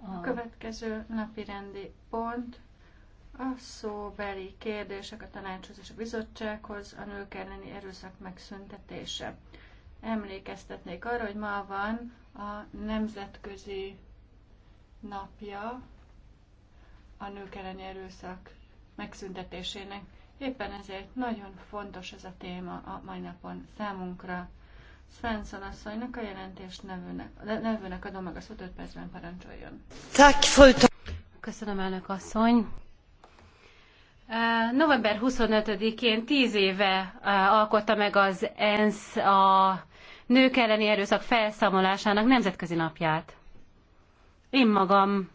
A következő napi rendi pont a szóbeli kérdések a tanácshoz és a bizottsághoz, a nők elleni erőszak megszüntetése. Emlékeztetnék arra, hogy ma van a nemzetközi napja a nők elleni erőszak megszüntetésének. Éppen ezért nagyon fontos ez a téma a mai napon számunkra. Svensson asszonynak, a jelentés nevőnek, nevőnek adom meg a szót, 5 percben parancsoljon. Köszönöm, elnök asszony. November 25-én tíz éve alkotta meg az ENSZ a nők elleni erőszak felszámolásának nemzetközi napját. Én magam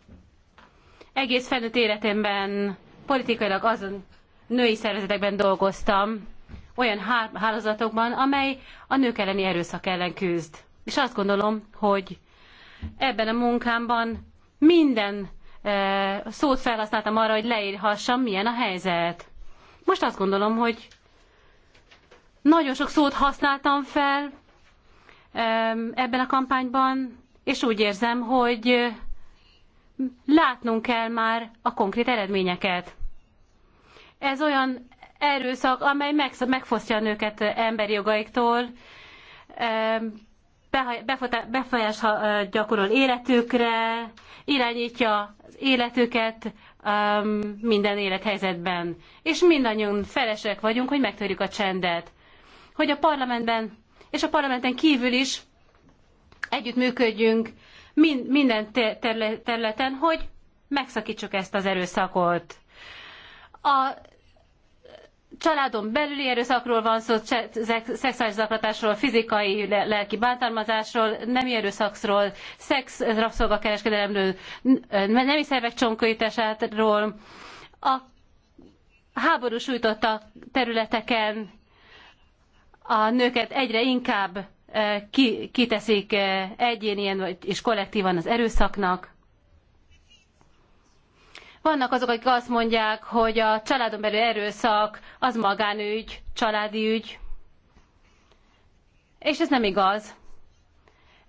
egész felnőtt életemben politikailag azon női szervezetekben dolgoztam, olyan hálózatokban, amely a nők elleni erőszak ellen küzd. És azt gondolom, hogy ebben a munkámban minden e, szót felhasználtam arra, hogy leírhassam, milyen a helyzet. Most azt gondolom, hogy nagyon sok szót használtam fel e, ebben a kampányban, és úgy érzem, hogy látnunk kell már a konkrét eredményeket. Ez olyan erőszak, amely megfosztja a nőket eh, emberi jogaiktól, eh, befolyás eh, gyakorol életükre, irányítja az életüket ehm, minden élethelyzetben. És mindannyian felesek vagyunk, hogy megtörjük a csendet. Hogy a parlamentben és a parlamenten kívül is együttműködjünk minden területen, hogy megszakítsuk ezt az erőszakot. A családon belüli erőszakról van szó, szexuális zaklatásról, fizikai, lelki bántalmazásról, nemi erőszakról, szex, rabszolgakereskedelemről, nemi szervek csonkításáról, a háború sújtotta területeken a nőket egyre inkább eh, kiteszik eh, egyénien és kollektívan az erőszaknak. Vannak azok, akik azt mondják, hogy a családon belül erőszak az magánügy, családi ügy. És ez nem igaz.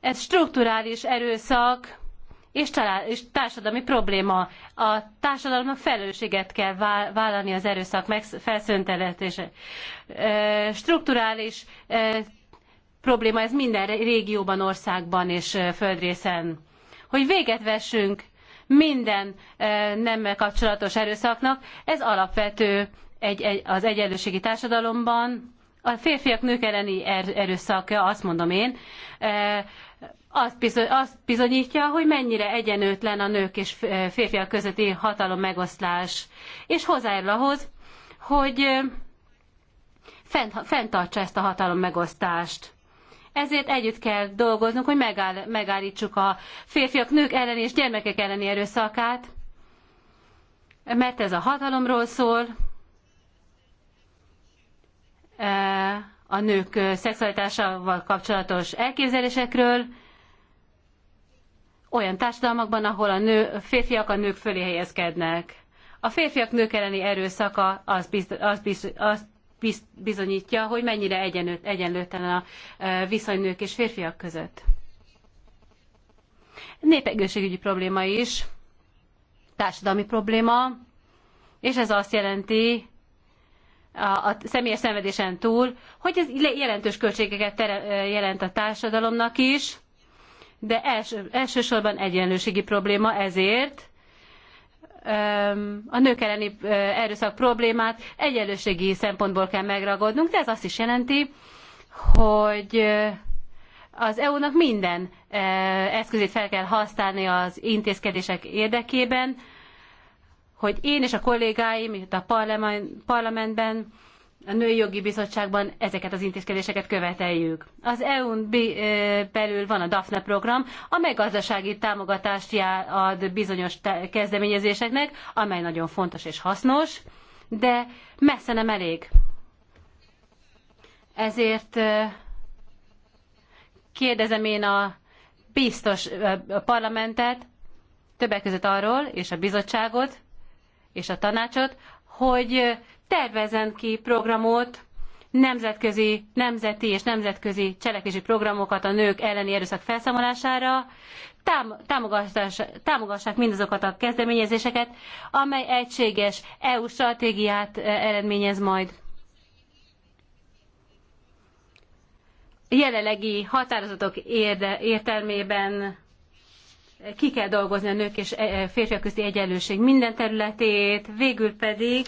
Ez strukturális erőszak és, család, és társadalmi probléma. A társadalomnak felelősséget kell vállalni az erőszak felszönteletésre. Strukturális probléma ez minden régióban, országban és földrészen. Hogy véget vessünk minden e, nemmel kapcsolatos erőszaknak. Ez alapvető egy, egy, az egyenlőségi társadalomban. A férfiak nők elleni er-, erőszakja, azt mondom én, e, azt, bizonyítja, hogy mennyire egyenlőtlen a nők és e, férfiak közötti hatalom megoszlás, és hozzájárul ahhoz, hogy fent, fenntartsa ezt a hatalom megosztást. Ezért együtt kell dolgoznunk, hogy megáll, megállítsuk a férfiak, nők elleni és gyermekek elleni erőszakát, mert ez a hatalomról szól, e, a nők szexualitásával kapcsolatos elképzelésekről, olyan társadalmakban, ahol a nő, a férfiak a nők fölé helyezkednek. A férfiak nők elleni erőszaka az, bizt, az, bizt, az bizonyítja, hogy mennyire egyenlőt, egyenlőtlen a e, viszony nők és férfiak között. Népegészségügyi probléma is, társadalmi probléma, és ez azt jelenti, a, a személyes szenvedésen túl, hogy ez jelentős költségeket e, jelent a társadalomnak is, de els, elsősorban egyenlőségi probléma ezért a nők elleni erőszak problémát egyenlőségi szempontból kell megragadnunk, de ez azt is jelenti, hogy az EU-nak minden eszközét fel kell használni az intézkedések érdekében, hogy én és a kollégáim itt a parlamentben a Női Jogi Bizottságban ezeket az intézkedéseket követeljük. Az EU-n belül van a DAFNE program, amely gazdasági támogatást ad bizonyos kezdeményezéseknek, amely nagyon fontos és hasznos, de messze nem elég. Ezért kérdezem én a biztos a parlamentet, többek között arról, és a bizottságot, és a tanácsot, hogy tervezzen ki programot, nemzetközi, nemzeti és nemzetközi cselekvési programokat a nők elleni erőszak felszámolására, támogassák mindazokat a kezdeményezéseket, amely egységes EU stratégiát eh, eredményez majd. Jelenlegi határozatok érde, értelmében ki kell dolgozni a nők és eh, eh, férfiak közti egyenlőség minden területét, végül pedig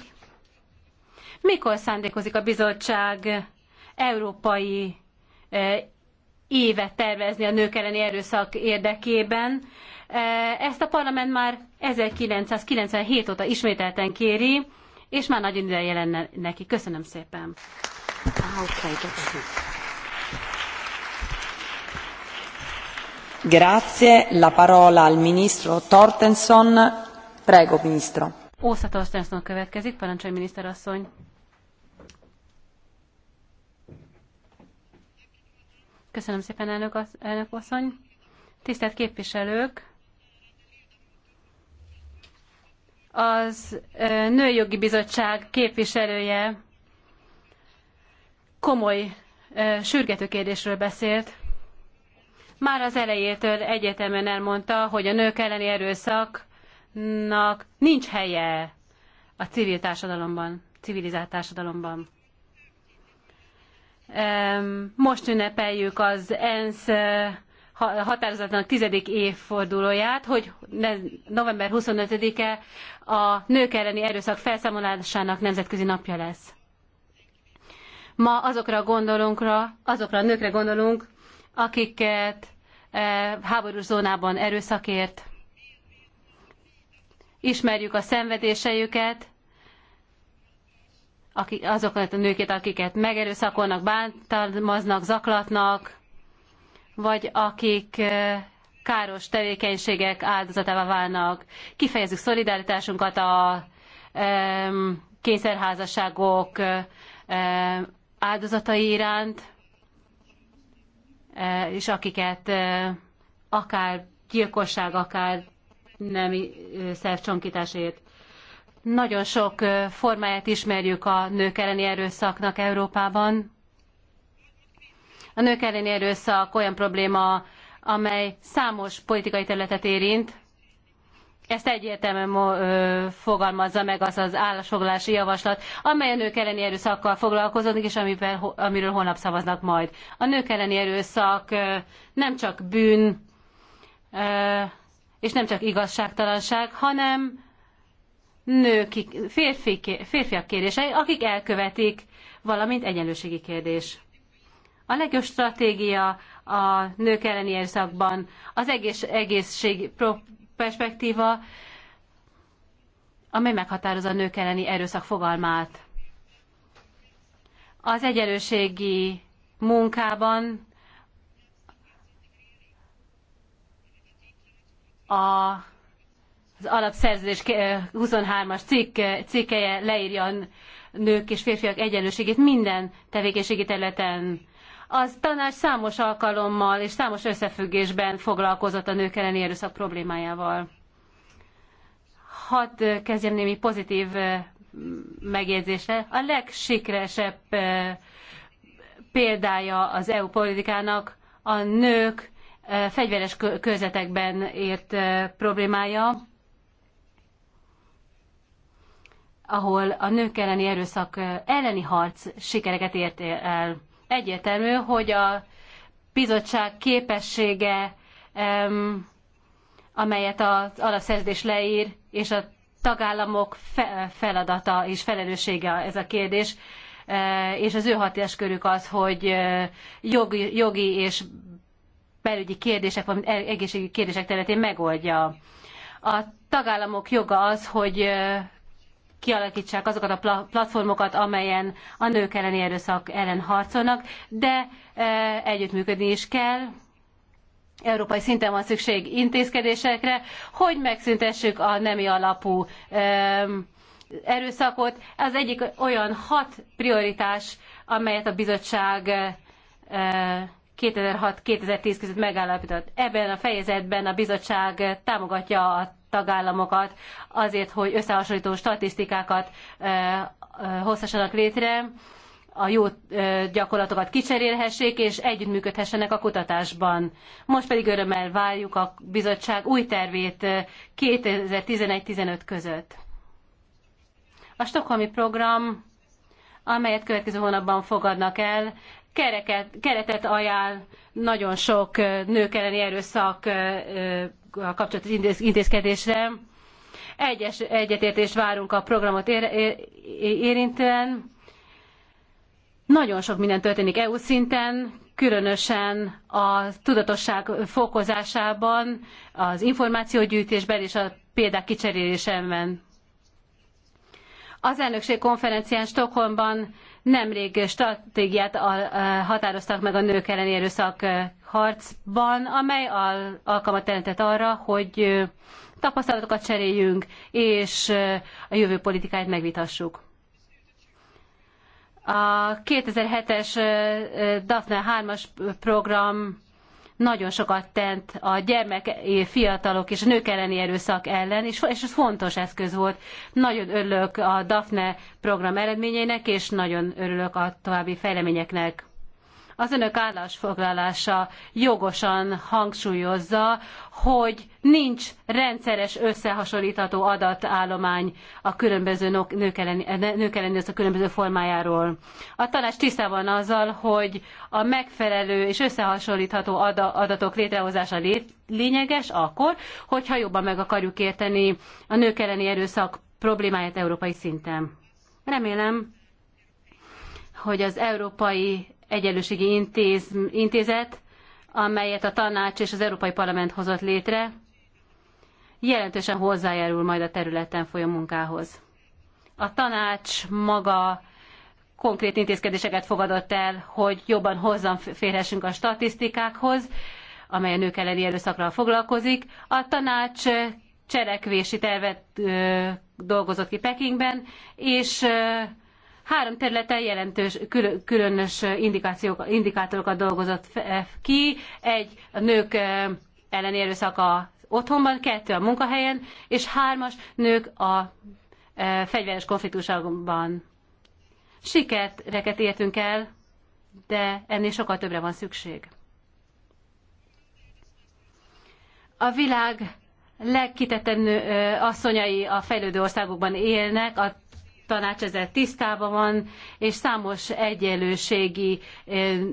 mikor szándékozik a bizottság európai e, évet tervezni a nők elleni erőszak érdekében? E, ezt a parlament már 1997 óta ismételten kéri, és már nagyon ideje lenne neki. Köszönöm szépen. Okay, Grazie. La parola al ministro Tortenson. Prego, ministro. Ósa Tortenson következik, parancsolj miniszter asszony. Köszönöm szépen, elnök, elnök asszony. Tisztelt képviselők! Az Nőjogi Bizottság képviselője komoly, sürgető kérdésről beszélt. Már az elejétől egyetemen elmondta, hogy a nők elleni erőszaknak nincs helye a civil társadalomban, civilizált társadalomban. Most ünnepeljük az ENSZ eh, határozatának tizedik évfordulóját, hogy november 25-e a nők elleni erőszak felszámolásának nemzetközi napja lesz. Ma azokra a gondolunkra, azokra a nőkre gondolunk, akiket eh, háborús zónában erőszakért. Ismerjük a szenvedéseiket, akik, azokat a nőket, akiket megerőszakolnak, bántalmaznak, zaklatnak, vagy akik káros tevékenységek áldozatává válnak. Kifejezzük szolidaritásunkat a kényszerházasságok áldozatai iránt, és akiket akár gyilkosság, akár nemi szervcsonkításért. Nagyon sok formáját ismerjük a nők elleni erőszaknak Európában. A nők elleni erőszak olyan probléma, amely számos politikai területet érint. Ezt egyértelműen fogalmazza meg az az állásfoglalási javaslat, amely a nők elleni erőszakkal foglalkozik, és amivel, amiről holnap szavaznak majd. A nők elleni erőszak nem csak bűn, és nem csak igazságtalanság, hanem nők, férfi, férfiak kérdései, akik elkövetik, valamint egyenlőségi kérdés. A legjobb stratégia a nők elleni erőszakban az egész, egészség perspektíva, amely meghatározza a nők elleni erőszak fogalmát. Az egyenlőségi munkában a az alapszerződés 23-as cikk, cikkeje leírja a nők és férfiak egyenlőségét minden tevékenységi területen. Az tanács számos alkalommal és számos összefüggésben foglalkozott a nők elleni erőszak problémájával. Hadd kezdjem némi pozitív megjegyzésre. A legsikeresebb példája az EU politikának a nők fegyveres körzetekben ért problémája. ahol a nők elleni erőszak elleni harc sikereket ért el. Egyértelmű, hogy a bizottság képessége, amelyet az alapszerződés leír, és a tagállamok feladata és felelőssége ez a kérdés, és az ő hatáskörük az, hogy jogi, jogi és belügyi kérdések, vagy e-, egészségügyi kérdések területén megoldja. A tagállamok joga az, hogy kialakítsák azokat a platformokat, amelyen a nők elleni erőszak ellen harcolnak, de e, együttműködni is kell, európai szinten van szükség intézkedésekre, hogy megszüntessük a nemi alapú e, erőszakot. Ez egyik olyan hat prioritás, amelyet a bizottság 2006-2010 e, között megállapított. Ebben a fejezetben a bizottság támogatja a tagállamokat azért, hogy összehasonlító statisztikákat hozhassanak létre, a jó gyakorlatokat kicserélhessék, és együttműködhessenek a kutatásban. Most pedig örömmel várjuk a bizottság új tervét 2011-15 között. A Stockholmi program, amelyet következő hónapban fogadnak el, kereket, keretet ajánl nagyon sok nők elleni erőszak kapcsolatos intézkedésre. Egyes, egyetértést várunk a programot érintően. Nagyon sok minden történik EU szinten, különösen a tudatosság fokozásában, az információgyűjtésben és a példák kicserélésében. Az elnökség konferencián Stockholmban nemrég stratégiát határoztak meg a nők elleni erőszak harcban, amely alkalmat teremtett arra, hogy tapasztalatokat cseréljünk, és a jövő politikáját megvitassuk. A 2007-es Daphne 3-as program nagyon sokat tent a gyermek, eh, fiatalok és nők elleni erőszak ellen, és, és ez fontos eszköz volt. Nagyon örülök a DAFNE program eredményeinek, és nagyon örülök a további fejleményeknek. Az önök állásfoglalása jogosan hangsúlyozza, hogy nincs rendszeres összehasonlítható adatállomány a különböző nők elleni, nők elleni a különböző formájáról. A tanács tisztában azzal, hogy a megfelelő és összehasonlítható adatok létrehozása lényeges akkor, hogyha jobban meg akarjuk érteni a nők elleni erőszak problémáját európai szinten. Remélem, hogy az európai Egyenlőségi Intéz, Intézet, amelyet a tanács és az Európai Parlament hozott létre, jelentősen hozzájárul majd a területen folyó munkához. A tanács maga konkrét intézkedéseket fogadott el, hogy jobban hozzáférhessünk a statisztikákhoz, amely a nők elleni erőszakra foglalkozik. A tanács cselekvési tervet ö, dolgozott ki Pekingben, és ö, Három területen jelentős, különös indikációk, indikátorokat dolgozott eh, ki. Egy a nők eh, elleni erőszaka otthonban, kettő a munkahelyen, és hármas nők a eh, fegyveres konfliktusokban. Sikereket értünk el, de ennél sokkal többre van szükség. A világ legkitettebb asszonyai a fejlődő országokban élnek, a tanács ezzel tisztában van, és számos egyenlőségi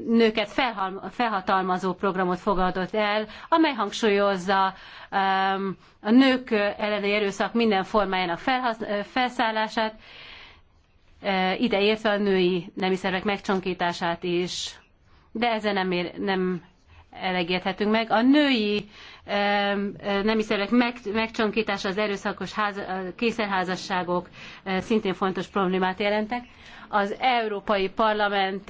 nőket felhatalmazó programot fogadott el, amely hangsúlyozza a nők elleni erőszak minden formájának felszállását, ideértve a női nemi szervek megcsonkítását is. De ezzel nem, ér, nem elegedhetünk meg. A női nemi szervek meg, megcsonkítása, az erőszakos ház, kényszerházasságok szintén fontos problémát jelentek. Az Európai Parlament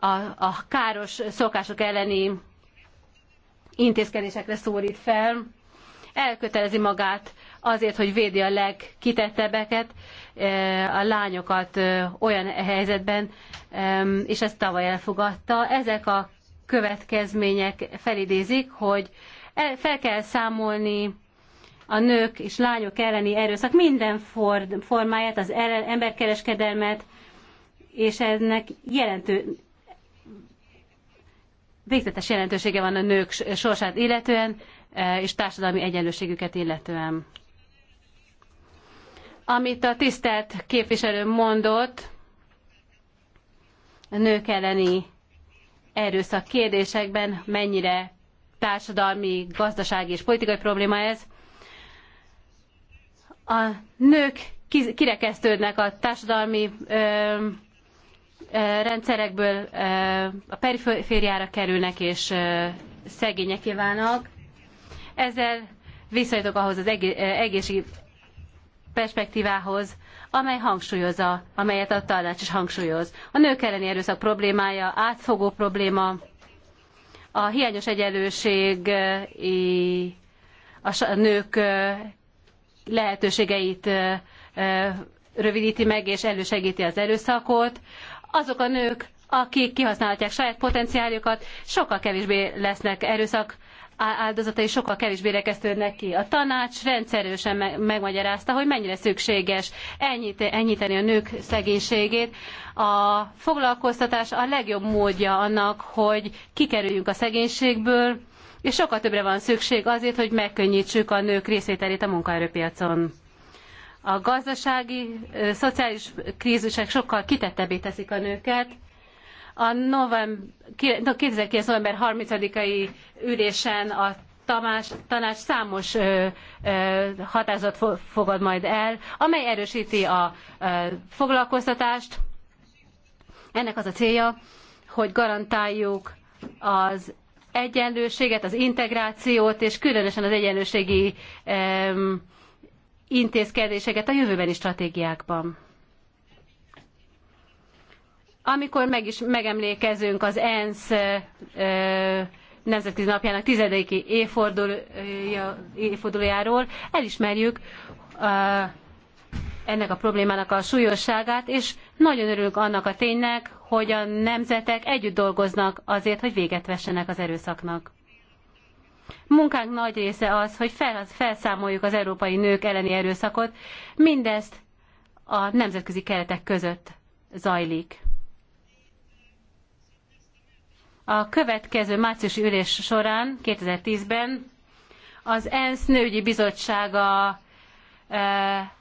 a, a káros szokások elleni intézkedésekre szólít fel, elkötelezi magát azért, hogy védi a legkitettebbeket, a lányokat olyan helyzetben, és ezt tavaly elfogadta. Ezek a következmények felidézik, hogy e, fel kell számolni a nők és lányok elleni erőszak minden formáját, az emberkereskedelmet, és ennek jelentő, végzetes jelentősége van a nők sorsát illetően, e, és társadalmi egyenlőségüket illetően. Amit a tisztelt képviselő mondott, nők elleni erőszak kérdésekben, mennyire társadalmi, gazdasági és politikai probléma ez. A nők kirekesztődnek a társadalmi ö, ö, rendszerekből, ö, a perifériára kerülnek és ö, szegényeké válnak. Ezzel visszajutok ahhoz az egészségi perspektívához, amely hangsúlyozza, amelyet a tanács is hangsúlyoz. A nők elleni erőszak problémája átfogó probléma, a hiányos egyenlőség a nők lehetőségeit rövidíti meg és elősegíti az erőszakot. Azok a nők, akik kihasználhatják saját potenciáljukat, sokkal kevésbé lesznek erőszak áldozatai sokkal kevésbé rekesztődnek ki. A tanács rendszeresen megmagyarázta, hogy mennyire szükséges enyhíteni a nők szegénységét. A foglalkoztatás a legjobb módja annak, hogy kikerüljünk a szegénységből, és sokkal többre van szükség azért, hogy megkönnyítsük a nők részvételét a munkaerőpiacon. A gazdasági, szociális krízisek sokkal kitettebbé teszik a nőket, a november, 2009. november 30-ai ülésen a Tamás, tanács számos ö, ö, határozat fogad majd el, amely erősíti a ö, foglalkoztatást. Ennek az a célja, hogy garantáljuk az egyenlőséget, az integrációt, és különösen az egyenlőségi ö, intézkedéseket a jövőbeni stratégiákban. Amikor meg is megemlékezünk az ENSZ nemzetközi napjának tizedik évfordulójáról, elismerjük ennek a problémának a súlyosságát, és nagyon örülünk annak a ténynek, hogy a nemzetek együtt dolgoznak azért, hogy véget vessenek az erőszaknak. Munkánk nagy része az, hogy felszámoljuk az európai nők elleni erőszakot, mindezt a nemzetközi keretek között zajlik a következő márciusi ülés során, 2010-ben az ENSZ Nőgyi Bizottsága e,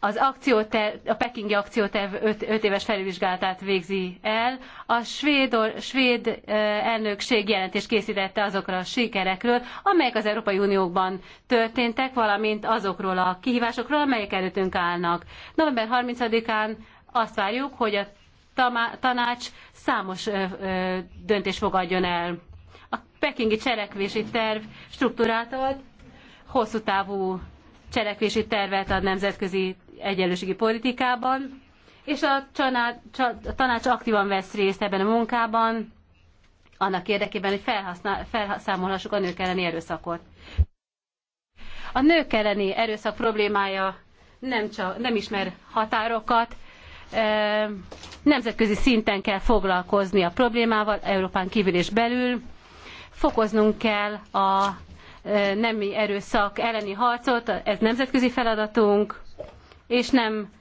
az akcióterv, a pekingi akcióterv 5, 5 éves felülvizsgálatát végzi el. A svéd, svéd e, elnökség jelentést készítette azokra a sikerekről, amelyek az Európai Unióban történtek, valamint azokról a kihívásokról, amelyek előttünk állnak. November 30-án azt várjuk, hogy a tanács számos döntést fogadjon el. A pekingi cselekvési terv struktúrát ad, hosszú távú cselekvési tervet a nemzetközi egyenlőségi politikában, és a tanács aktívan vesz részt ebben a munkában, annak érdekében, hogy felszámolhassuk a nők elleni erőszakot. A nők elleni erőszak problémája nem, csak, nem ismer határokat, nemzetközi szinten kell foglalkozni a problémával, Európán kívül és belül. Fokoznunk kell a nemi erőszak elleni harcot, ez nemzetközi feladatunk, és nem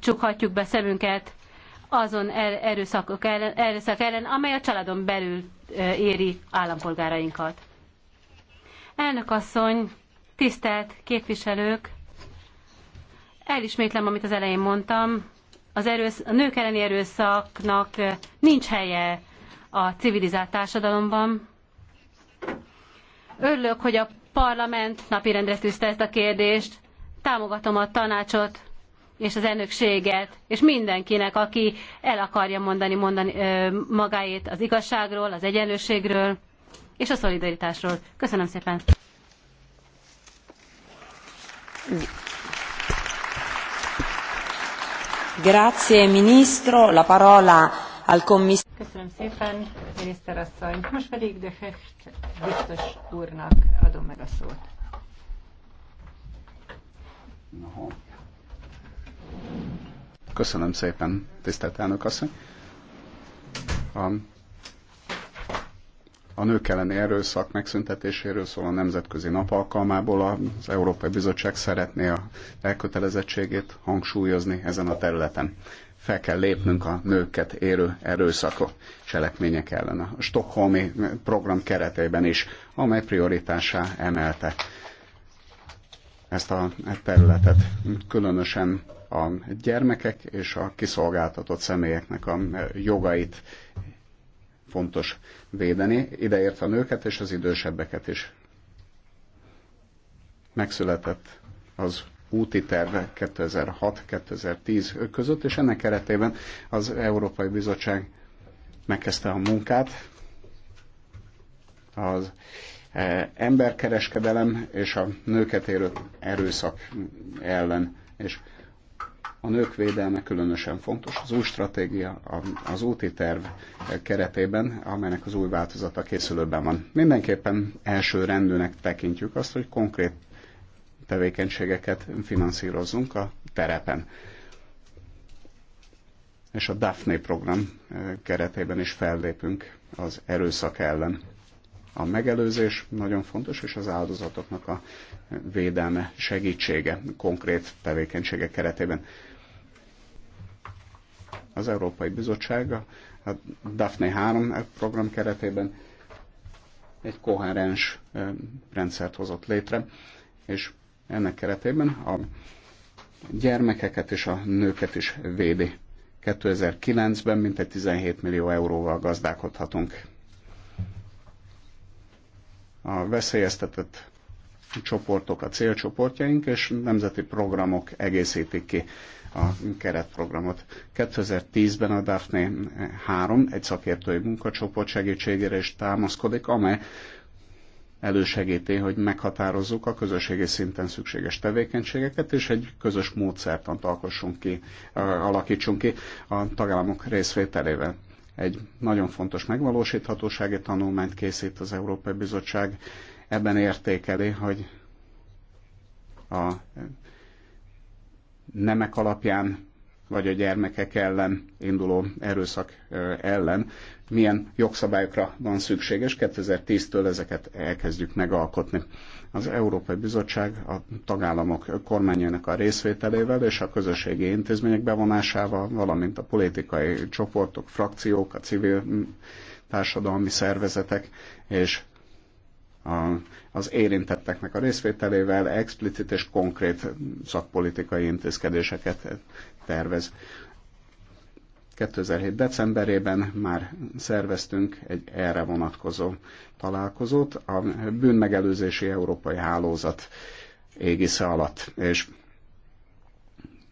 csukhatjuk be szemünket azon er, erőszakok ellen, erőszak ellen, amely a családon belül éri állampolgárainkat. Elnök asszony, tisztelt képviselők, elismétlem, amit az elején mondtam, az erősz, a nők elleni erőszaknak nincs helye a civilizált társadalomban. Örülök, hogy a parlament napirendre tűzte ezt a kérdést. Támogatom a tanácsot és az elnökséget, és mindenkinek, aki el akarja mondani, mondani magáét az igazságról, az egyenlőségről és a szolidaritásról. Köszönöm szépen! Grazie, ministro. La parola al commissario. Köszönöm szépen, miniszterasszony. Most pedig de Hecht biztos úrnak adom meg a szót. Köszönöm szépen, tisztelt elnök asszony. A a nők elleni erőszak megszüntetéséről a nemzetközi nap alkalmából az Európai Bizottság szeretné a elkötelezettségét hangsúlyozni ezen a területen. Fel kell lépnünk a nőket érő erőszakok cselekmények ellen a Stockholmi program keretében is, amely prioritásá emelte ezt a területet, különösen a gyermekek és a kiszolgáltatott személyeknek a jogait fontos védeni, ideért a nőket és az idősebbeket is. Megszületett az úti terve 2006-2010 között, és ennek keretében az Európai Bizottság megkezdte a munkát az e, emberkereskedelem és a nőket érő erőszak ellen, és a nők védelme különösen fontos. Az új stratégia, az úti terv keretében, amelynek az új változata készülőben van. Mindenképpen első rendűnek tekintjük azt, hogy konkrét tevékenységeket finanszírozzunk a terepen és a Daphne program eh, keretében is fellépünk az erőszak ellen. A megelőzés nagyon fontos, és az áldozatoknak a eh, védelme, segítsége konkrét tevékenységek keretében. Az Európai Bizottság a Daphne 3 program keretében egy koherens rendszert hozott létre, és ennek keretében a gyermekeket és a nőket is védi. 2009-ben mintegy 17 millió euróval gazdálkodhatunk. A veszélyeztetett csoportok a célcsoportjaink, és nemzeti programok egészítik ki a keretprogramot. 2010-ben a Daphne 3 egy szakértői munkacsoport segítségére is támaszkodik, amely elősegíti, hogy meghatározzuk a közösségi szinten szükséges tevékenységeket, és egy közös módszertant alkossunk ki, alakítsunk ki a tagállamok részvételével. Egy nagyon fontos megvalósíthatósági tanulmányt készít az Európai Bizottság, ebben értékeli, hogy a nemek alapján, vagy a gyermekek ellen induló erőszak ellen milyen jogszabályokra van szükséges. 2010-től ezeket elkezdjük megalkotni. Az Európai Bizottság a tagállamok kormányának a részvételével és a közösségi intézmények bevonásával, valamint a politikai csoportok, frakciók, a civil társadalmi szervezetek és az érintetteknek a részvételével explicit és konkrét szakpolitikai intézkedéseket tervez. 2007. decemberében már szerveztünk egy erre vonatkozó találkozót a bűnmegelőzési európai hálózat égisze alatt, és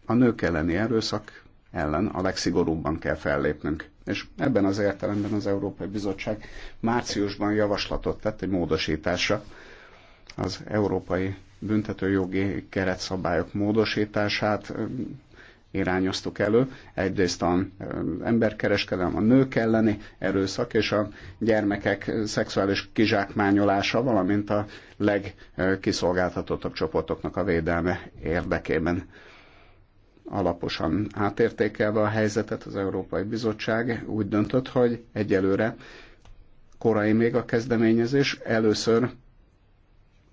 a nők elleni erőszak ellen a legszigorúbban kell fellépnünk. És ebben az értelemben az Európai Bizottság márciusban javaslatot tett egy módosításra az európai büntetőjogi keretszabályok módosítását irányoztuk elő. Egyrészt a emberkereskedelem, a nők elleni erőszak és a gyermekek szexuális kizsákmányolása, valamint a legkiszolgáltatottabb csoportoknak a védelme érdekében alaposan átértékelve a helyzetet, az Európai Bizottság úgy döntött, hogy egyelőre korai még a kezdeményezés, először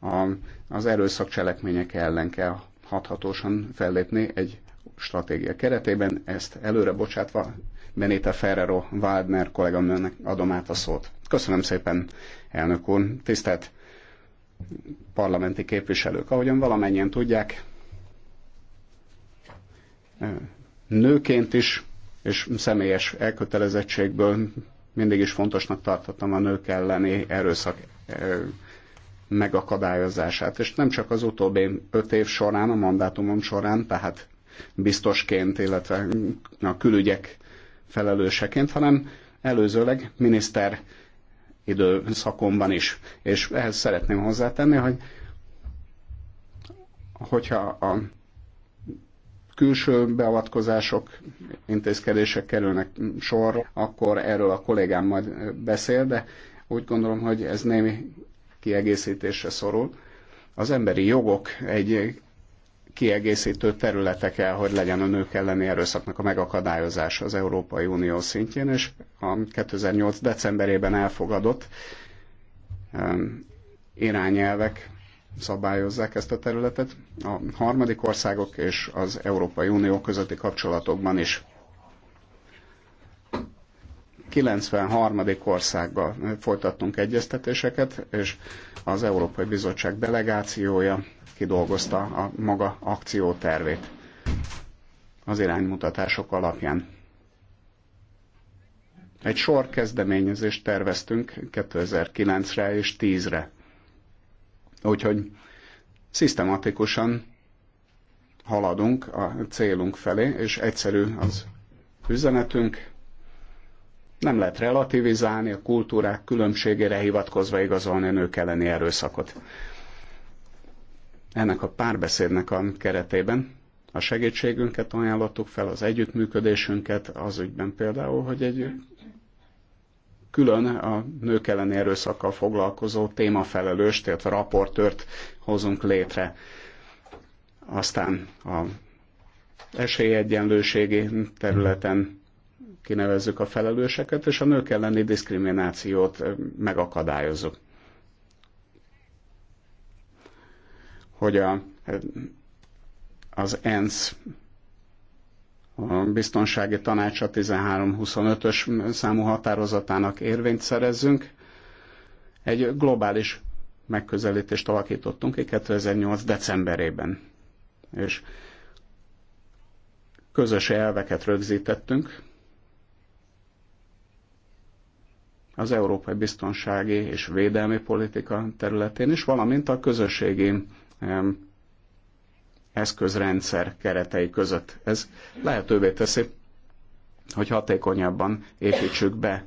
a, az cselekmények ellen kell hathatósan fellépni egy stratégia keretében. Ezt előre bocsátva Benita Ferrero Waldner kolléganőnek adom át a szót. Köszönöm szépen, elnök úr, tisztelt parlamenti képviselők. Ahogyan valamennyien tudják, nőként is, és személyes elkötelezettségből mindig is fontosnak tartottam a nők elleni erőszak megakadályozását. És nem csak az utóbbi öt év során, a mandátumom során, tehát biztosként, illetve a külügyek felelőseként, hanem előzőleg miniszter időszakomban is. És ehhez szeretném hozzátenni, hogy hogyha a külső beavatkozások, intézkedések kerülnek sorra, akkor erről a kollégám majd beszél, de úgy gondolom, hogy ez némi kiegészítésre szorul. Az emberi jogok egy kiegészítő területe kell, hogy legyen a nők elleni erőszaknak a megakadályozása az Európai Unió szintjén, és a 2008. decemberében elfogadott um, irányelvek szabályozzák ezt a területet, a harmadik országok és az Európai Unió közötti kapcsolatokban is. 93. országgal folytattunk egyeztetéseket, és az Európai Bizottság delegációja kidolgozta a maga akciótervét az iránymutatások alapján. Egy sor kezdeményezést terveztünk 2009-re és 10-re Úgyhogy szisztematikusan haladunk a célunk felé, és egyszerű az üzenetünk. Nem lehet relativizálni a kultúrák különbségére hivatkozva igazolni a nők elleni erőszakot. Ennek a párbeszédnek a keretében a segítségünket ajánlottuk fel, az együttműködésünket az ügyben például, hogy egy külön a nők elleni erőszakkal foglalkozó témafelelőst, illetve raportört hozunk létre. Aztán a esélyegyenlőségi területen kinevezzük a felelőseket, és a nők elleni diszkriminációt megakadályozzuk. Hogy a, az ENSZ a biztonsági tanácsa 1325-ös számú határozatának érvényt szerezzünk. Egy globális megközelítést alakítottunk ki 2008. decemberében. És közös elveket rögzítettünk az európai biztonsági és védelmi politika területén is, valamint a közösségi eszközrendszer keretei között. Ez lehetővé teszi, hogy hatékonyabban építsük be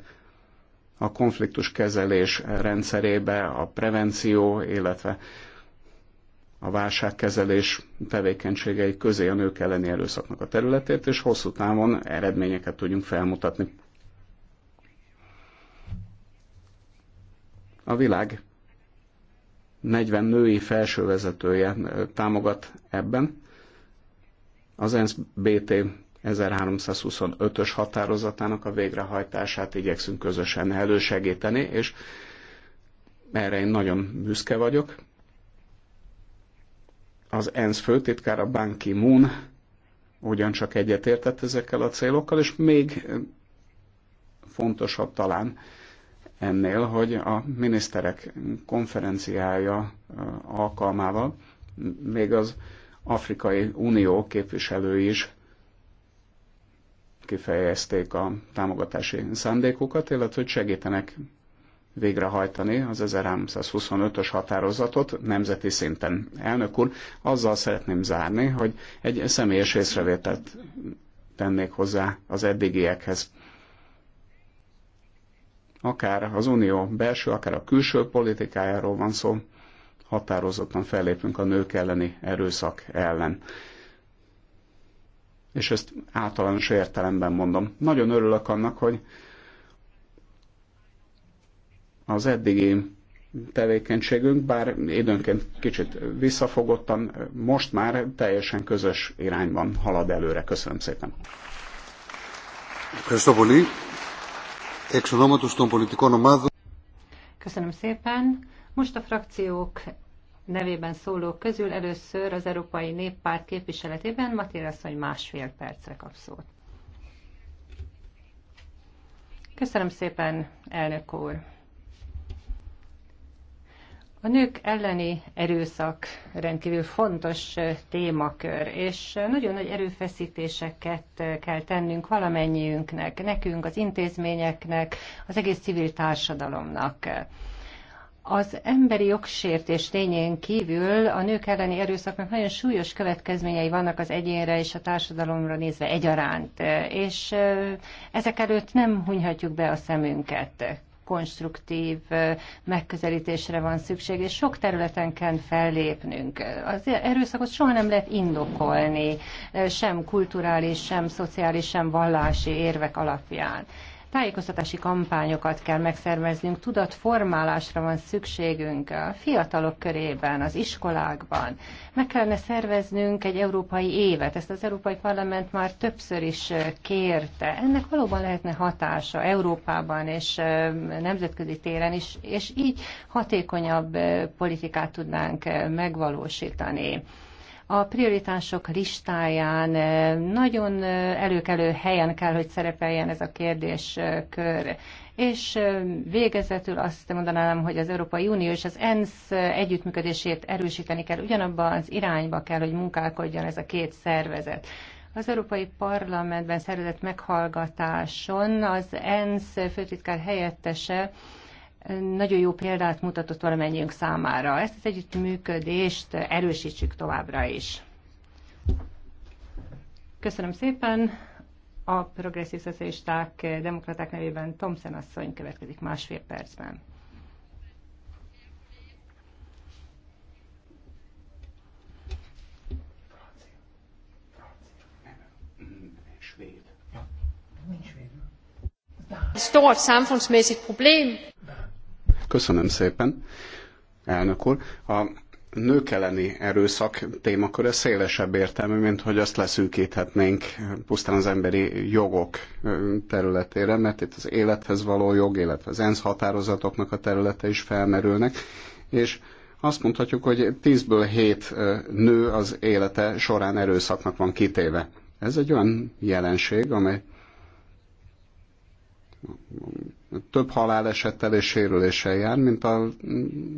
a konfliktus kezelés rendszerébe a prevenció, illetve a válságkezelés tevékenységei közé a nők elleni erőszaknak a területét, és hosszú távon eredményeket tudjunk felmutatni. A világ 40 női felsővezetője támogat ebben. Az ENSZ BT 1325-ös határozatának a végrehajtását igyekszünk közösen elősegíteni, és erre én nagyon büszke vagyok. Az ENSZ főtitkára Ban Ki-moon ugyancsak egyetértett ezekkel a célokkal, és még fontosabb talán ennél, hogy a miniszterek konferenciája eh, alkalmával még az Afrikai Unió képviselői is kifejezték a támogatási szándékukat, illetve hogy segítenek végrehajtani az 1325-ös határozatot nemzeti szinten. Elnök úr, azzal szeretném zárni, hogy egy személyes észrevételt tennék hozzá az eddigiekhez akár az unió belső, akár a külső politikájáról van szó, határozottan fellépünk a nők elleni erőszak ellen. És ezt általános értelemben mondom. Nagyon örülök annak, hogy az eddigi tevékenységünk, bár időnként kicsit visszafogottan, most már teljesen közös irányban halad előre. Köszönöm szépen. Köszönöm. Köszönöm szépen. Most a frakciók nevében szólók közül először az Európai Néppárt képviseletében Matér asszony másfél percre kap szót. Köszönöm szépen, elnök úr! A nők elleni erőszak rendkívül fontos témakör, és nagyon nagy erőfeszítéseket kell tennünk valamennyiünknek, nekünk, az intézményeknek, az egész civil társadalomnak. Az emberi jogsértés tényén kívül a nők elleni erőszaknak nagyon súlyos következményei vannak az egyénre és a társadalomra nézve egyaránt, és ezek előtt nem hunyhatjuk be a szemünket konstruktív megközelítésre van szükség, és sok területen kell fellépnünk. Az erőszakot soha nem lehet indokolni, sem kulturális, sem szociális, sem vallási érvek alapján tájékoztatási kampányokat kell megszerveznünk, tudatformálásra van szükségünk a fiatalok körében, az iskolákban. Meg kellene szerveznünk egy európai évet, ezt az Európai Parlament már többször is kérte. Ennek valóban lehetne hatása Európában és nemzetközi téren is, és így hatékonyabb politikát tudnánk megvalósítani a prioritások listáján eh, nagyon eh, előkelő helyen kell, hogy szerepeljen ez a kérdéskör. És eh, végezetül azt mondanám, hogy az Európai Unió és az ENSZ együttműködését erősíteni kell, ugyanabban az irányba kell, hogy munkálkodjon ez a két szervezet. Az Európai Parlamentben szervezett meghallgatáson az ENSZ főtitkár helyettese nagyon jó példát mutatott valamennyiünk számára. Ezt az együttműködést erősítsük továbbra is. Köszönöm szépen. A progresszív szocialisták, demokraták nevében Tomszen asszony következik másfél percben. Stort samfundsmæssigt problem. Köszönöm szépen, elnök úr. A nők elleni erőszak témaköre szélesebb értelmű, mint hogy azt leszűkíthetnénk pusztán az emberi jogok területére, mert itt az élethez való jog, illetve az ENSZ határozatoknak a területe is felmerülnek, és azt mondhatjuk, hogy 10-ből 7 nő az élete során erőszaknak van kitéve. Ez egy olyan jelenség, amely több halálesettel és sérüléssel jár, mint a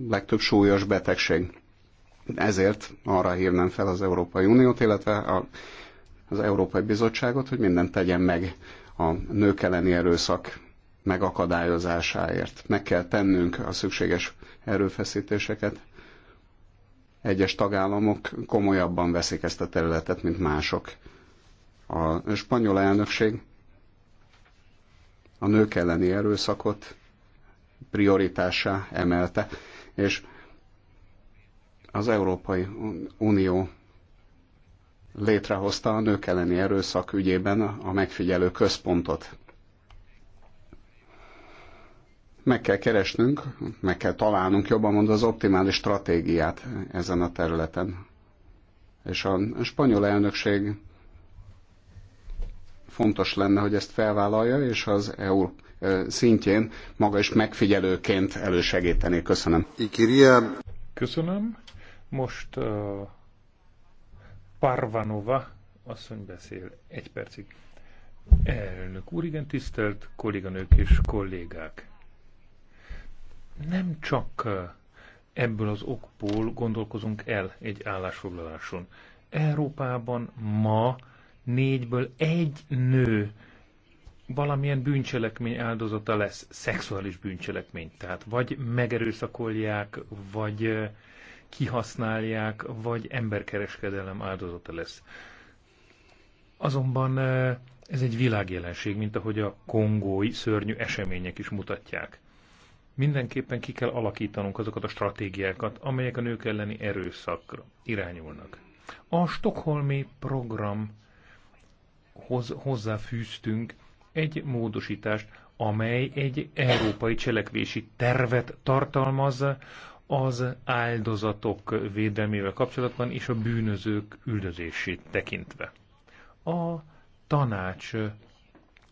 legtöbb súlyos betegség. Ezért arra hívnám fel az Európai Uniót, illetve a, az Európai Bizottságot, hogy mindent tegyen meg a nők elleni erőszak megakadályozásáért. Meg kell tennünk a szükséges erőfeszítéseket. Egyes tagállamok komolyabban veszik ezt a területet, mint mások. A spanyol elnökség a nők elleni erőszakot prioritásá emelte, és az Európai Unió létrehozta a nők elleni erőszak ügyében a megfigyelő központot. Meg kell keresnünk, meg kell találnunk jobban mondva az optimális stratégiát ezen a területen. És a spanyol elnökség fontos lenne, hogy ezt felvállalja, és az EU szintjén maga is megfigyelőként elősegíteni. Köszönöm. Köszönöm. Most uh, Parvanova asszony beszél egy percig. Elnök úr, igen, tisztelt kolléganők és kollégák. Nem csak ebből az okból gondolkozunk el egy állásfoglaláson. Európában ma négyből egy nő valamilyen bűncselekmény áldozata lesz, szexuális bűncselekmény. Tehát vagy megerőszakolják, vagy kihasználják, vagy emberkereskedelem áldozata lesz. Azonban ez egy világjelenség, mint ahogy a kongói szörnyű események is mutatják. Mindenképpen ki kell alakítanunk azokat a stratégiákat, amelyek a nők elleni erőszakra irányulnak. A Stockholmi program hoz, hozzáfűztünk egy módosítást, amely egy európai cselekvési tervet tartalmaz az áldozatok védelmével kapcsolatban és a bűnözők üldözését tekintve. A tanács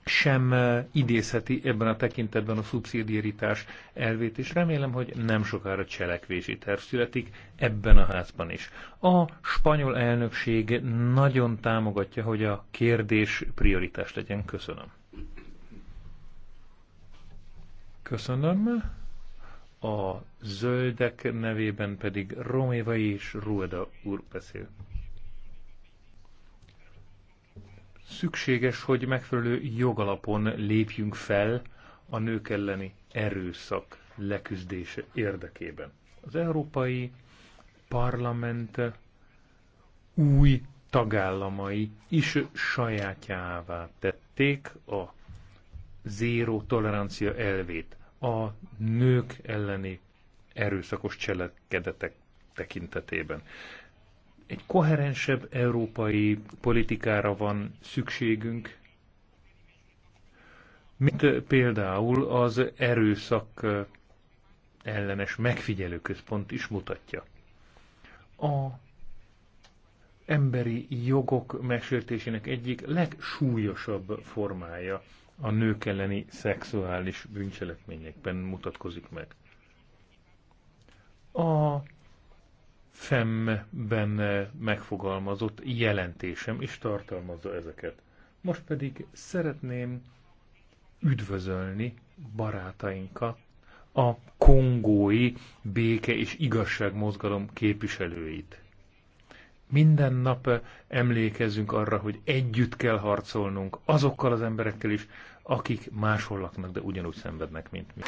sem idézheti ebben a tekintetben a szubszidiaritás elvét, és remélem, hogy nem sokára cselekvési terv születik ebben a házban is. A spanyol elnökség nagyon támogatja, hogy a kérdés prioritás legyen. Köszönöm. Köszönöm. A zöldek nevében pedig Romévai és Rueda úr beszél. szükséges, hogy megfelelő jogalapon lépjünk fel a nők elleni erőszak leküzdése érdekében. Az Európai Parlament új tagállamai is sajátjává tették a zéró tolerancia elvét a nők elleni erőszakos cselekedetek tekintetében egy koherensebb európai politikára van szükségünk, mint például az erőszak ellenes megfigyelőközpont is mutatja. A emberi jogok megsértésének egyik legsúlyosabb formája a nők elleni szexuális bűncselekményekben mutatkozik meg. A fem eh, megfogalmazott jelentésem is tartalmazza ezeket. Most pedig szeretném üdvözölni barátainkat, a kongói béke és igazság mozgalom képviselőit. Minden nap eh, emlékezzünk arra, hogy együtt kell harcolnunk azokkal az emberekkel is, akik máshol laknak, de ugyanúgy szenvednek, mint mi.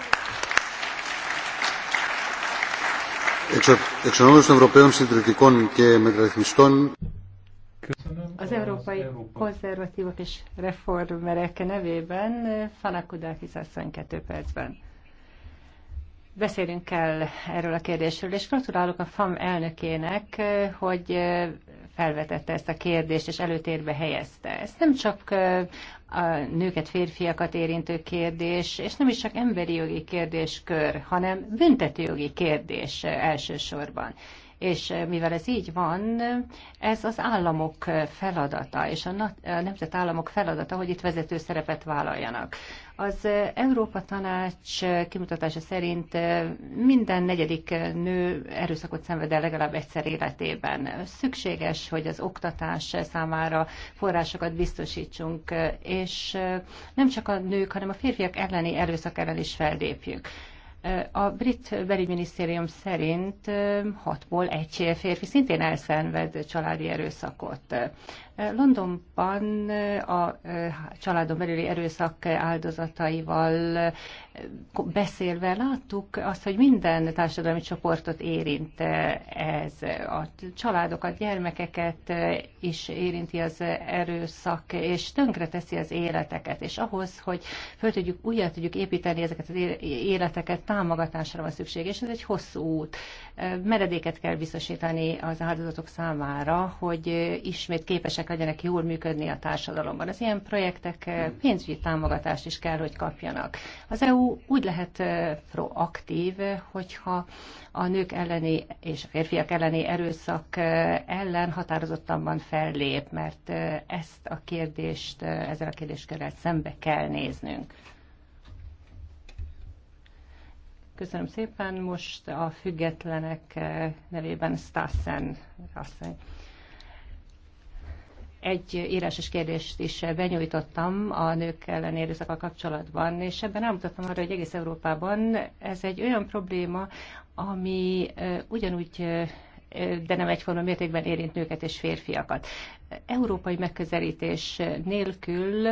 Az európai konzervatívok és reformerek nevében Fanakudákis asszony kettő percben. Beszélünk kell erről a kérdésről, és gratulálok a FAM elnökének, hogy felvetette ezt a kérdést, és előtérbe helyezte. Ez nem csak a nőket, férfiakat érintő kérdés, és nem is csak emberi jogi kérdéskör, hanem jogi kérdés elsősorban. És mivel ez így van, ez az államok feladata, és a nemzetállamok feladata, hogy itt vezető szerepet vállaljanak. Az Európa Tanács kimutatása szerint minden negyedik nő erőszakot szenved el legalább egyszer életében. Szükséges, hogy az oktatás számára forrásokat biztosítsunk, és nem csak a nők, hanem a férfiak elleni erőszak ellen is fellépjük. A brit belügyminisztérium szerint hatból egy férfi szintén elszenved családi erőszakot. Londonban a családon belüli erőszak áldozataival beszélve láttuk azt, hogy minden társadalmi csoportot érint ez. A családokat, gyermekeket is érinti az erőszak, és tönkreteszi az életeket. És ahhoz, hogy föl tudjuk, újra tudjuk építeni ezeket az életeket, támogatásra van szükség, és ez egy hosszú út meredéket kell biztosítani az áldozatok számára, hogy ismét képesek legyenek jól működni a társadalomban. Az ilyen projektek eh, pénzügyi támogatást is kell, hogy kapjanak. Az EU úgy lehet eh, proaktív, hogyha a nők elleni és a férfiak elleni erőszak eh, ellen határozottabban fellép, mert ezt a kérdést, ezzel a kérdéskörrel szembe kell néznünk. Köszönöm szépen. Most a függetlenek eh, nevében Stassen asszony. Egy írásos kérdést is benyújtottam a nők ellen erőszakkal kapcsolatban, és ebben elmutattam arra, hogy egész Európában ez egy olyan probléma, ami eh, ugyanúgy eh, de nem egyforma mértékben érint nőket és férfiakat. Európai megközelítés nélkül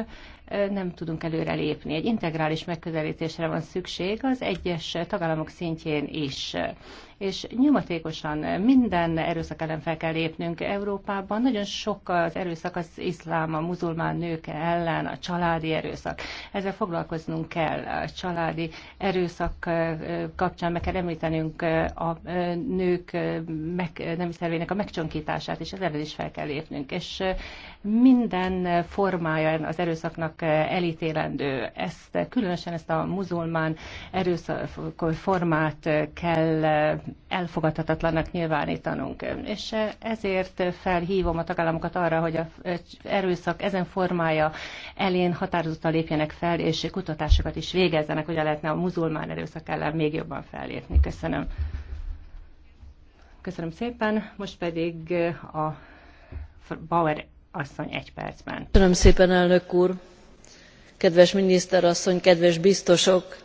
nem tudunk előrelépni. Egy integrális megközelítésre van szükség az egyes tagállamok szintjén is és nyomatékosan minden erőszak ellen fel kell lépnünk Európában. Nagyon sok az erőszak az iszlám, a muzulmán nők ellen, a családi erőszak. Ezzel foglalkoznunk kell. A családi erőszak kapcsán meg kell említenünk a nők meg, nemi szervének a megcsonkítását, és ezzel is fel kell lépnünk. És minden formája az erőszaknak elítélendő. Ezt, különösen ezt a muzulmán erőszak formát kell elfogadhatatlanak nyilvánítanunk. És ezért felhívom a tagállamokat arra, hogy a erőszak ezen formája elén határozottan lépjenek fel, és kutatásokat is végezzenek, hogy lehetne a muzulmán erőszak ellen még jobban fellépni. Köszönöm. Köszönöm szépen. Most pedig a Bauer asszony egy percben. Köszönöm szépen, elnök úr. Kedves miniszter asszony, kedves biztosok!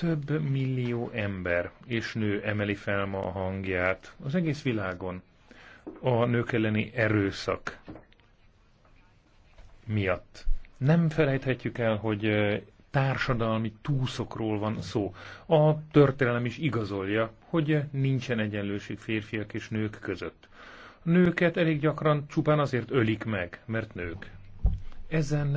több millió ember és nő emeli fel ma a hangját az egész világon a nők elleni erőszak miatt. Nem felejthetjük el, hogy társadalmi túszokról van szó. A történelem is igazolja, hogy nincsen egyenlőség férfiak és nők között. Nőket elég gyakran csupán azért ölik meg, mert nők. Ezen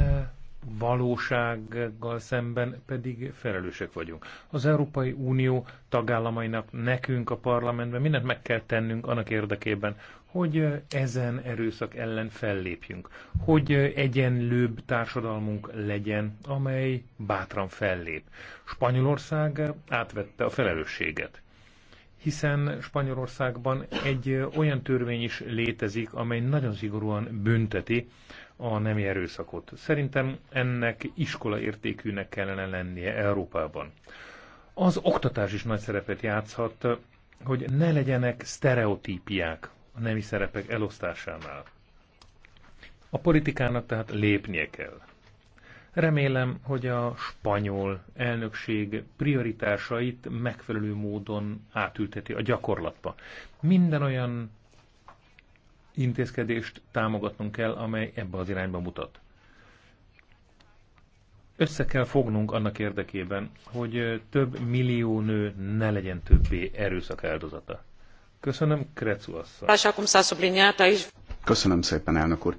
valósággal szemben pedig felelősek vagyunk. Az Európai Unió tagállamainak, nekünk a parlamentben mindent meg kell tennünk annak érdekében, hogy ezen erőszak ellen fellépjünk, hogy egyenlőbb társadalmunk legyen, amely bátran fellép. Spanyolország átvette a felelősséget hiszen Spanyolországban egy olyan törvény is létezik, amely nagyon szigorúan bünteti a nemi erőszakot. Szerintem ennek értékűnek kellene lennie Európában. Az oktatás is nagy szerepet játszhat, hogy ne legyenek sztereotípiák a nemi szerepek elosztásánál. A politikának tehát lépnie kell. Remélem, hogy a spanyol elnökség prioritásait megfelelő módon átülteti a gyakorlatba. Minden olyan intézkedést támogatnunk kell, amely ebbe az irányba mutat. Össze kell fognunk annak érdekében, hogy több millió nő ne legyen többé erőszak áldozata. Köszönöm, Krecu asszony. Köszönöm szépen, elnök úr.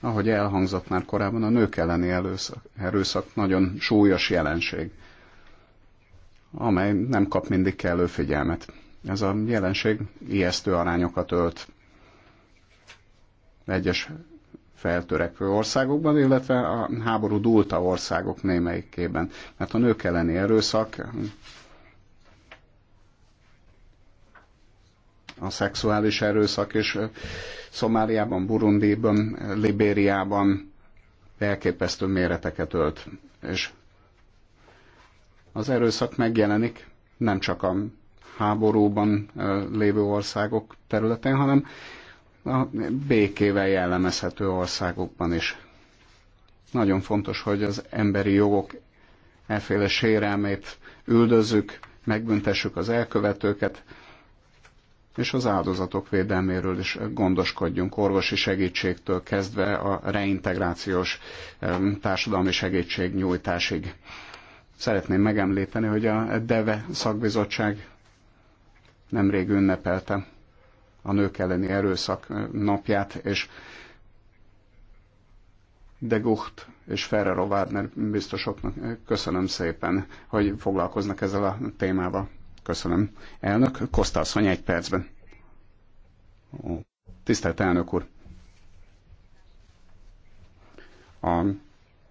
Ahogy elhangzott már korábban, a nők elleni erőszak, erőszak nagyon súlyos jelenség, amely nem kap mindig kellő figyelmet. Ez a jelenség ijesztő arányokat ölt egyes feltörekvő országokban, illetve a háború dúlta országok némelyikében. Mert a nők elleni erőszak a szexuális erőszak, és Szomáliában, Burundiban, Libériában elképesztő méreteket ölt. És az erőszak megjelenik nem csak a háborúban lévő országok területén, hanem a békével jellemezhető országokban is. Nagyon fontos, hogy az emberi jogok elféle sérelmét üldözzük, megbüntessük az elkövetőket, és az áldozatok védelméről is gondoskodjunk, orvosi segítségtől kezdve a reintegrációs társadalmi segítség nyújtásig. Szeretném megemlíteni, hogy a DEVE szakbizottság nemrég ünnepelte a nők elleni erőszak napját, és de Gucht és Ferrero Wagner biztosoknak köszönöm szépen, hogy foglalkoznak ezzel a témával. Köszönöm. Elnök, Koszta asszony egy percben. Ó, tisztelt elnök úr! A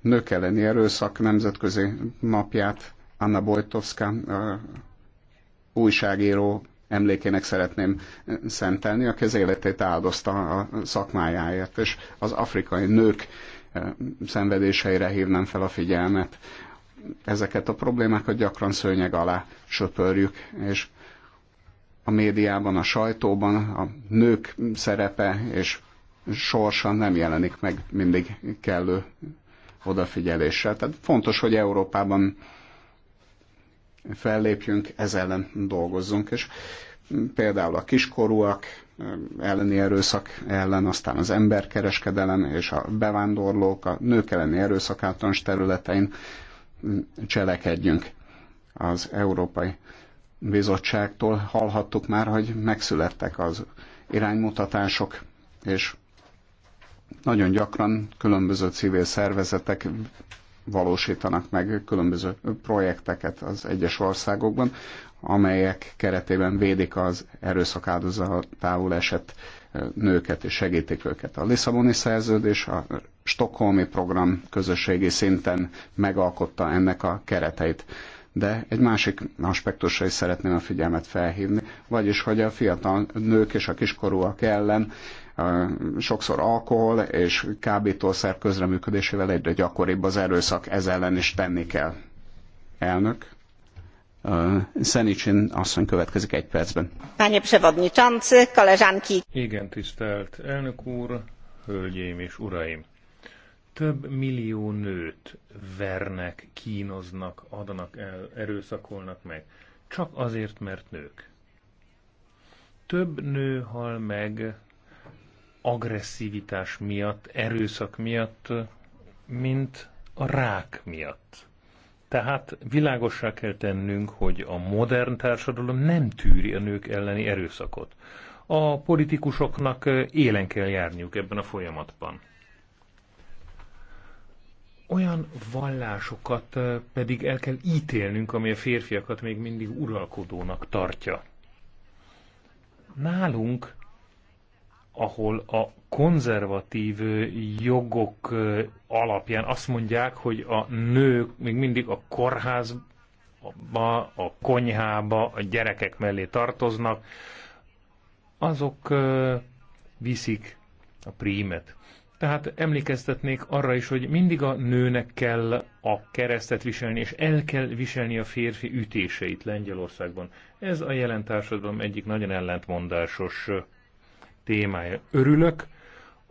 nők elleni erőszak nemzetközi napját Anna Bojtovska újságíró emlékének szeretném eh, szentelni, aki az életét áldozta a szakmájáért, és az afrikai nők eh, szenvedéseire hívnám fel a figyelmet. Ezeket a problémákat gyakran szőnyeg alá söpörjük, és a médiában, a sajtóban a nők szerepe és sorsa nem jelenik meg mindig kellő odafigyeléssel. Tehát fontos, hogy Európában fellépjünk, ez ellen dolgozzunk, és például a kiskorúak elleni erőszak ellen, aztán az emberkereskedelem és a bevándorlók, a nők elleni erőszak általános területein cselekedjünk. Az Európai Bizottságtól hallhattuk már, hogy megszülettek az iránymutatások, és nagyon gyakran különböző civil szervezetek valósítanak meg különböző projekteket az egyes országokban, amelyek keretében védik az erőszak áldozatávul esett nőket és segítik őket. A Lisszaboni szerződés, a Stockholmi program közösségi szinten megalkotta ennek a kereteit. De egy másik aspektusra is szeretném a figyelmet felhívni, vagyis hogy a fiatal nők és a kiskorúak ellen sokszor alkohol és kábítószer közreműködésével egyre gyakoribb az erőszak, ez ellen is tenni kell. Elnök. Szenicsin asszony következik egy percben. Panie Przewodniczący, koleżanki. Igen, tisztelt elnök úr, hölgyeim és uraim. Több millió nőt vernek, kínoznak, adnak el, erőszakolnak meg. Csak azért, mert nők. Több nő hal meg agresszivitás miatt, erőszak miatt, mint a rák miatt. Tehát világossá kell tennünk, hogy a modern társadalom nem tűri a nők elleni erőszakot. A politikusoknak élen kell járniuk ebben a folyamatban. Olyan vallásokat pedig el kell ítélnünk, ami a férfiakat még mindig uralkodónak tartja. Nálunk ahol a konzervatív jogok alapján azt mondják, hogy a nők még mindig a kórházba, a konyhába, a gyerekek mellé tartoznak, azok viszik a prímet. Tehát emlékeztetnék arra is, hogy mindig a nőnek kell a keresztet viselni, és el kell viselni a férfi ütéseit Lengyelországban. Ez a jelentársadalom egyik nagyon ellentmondásos témája. Örülök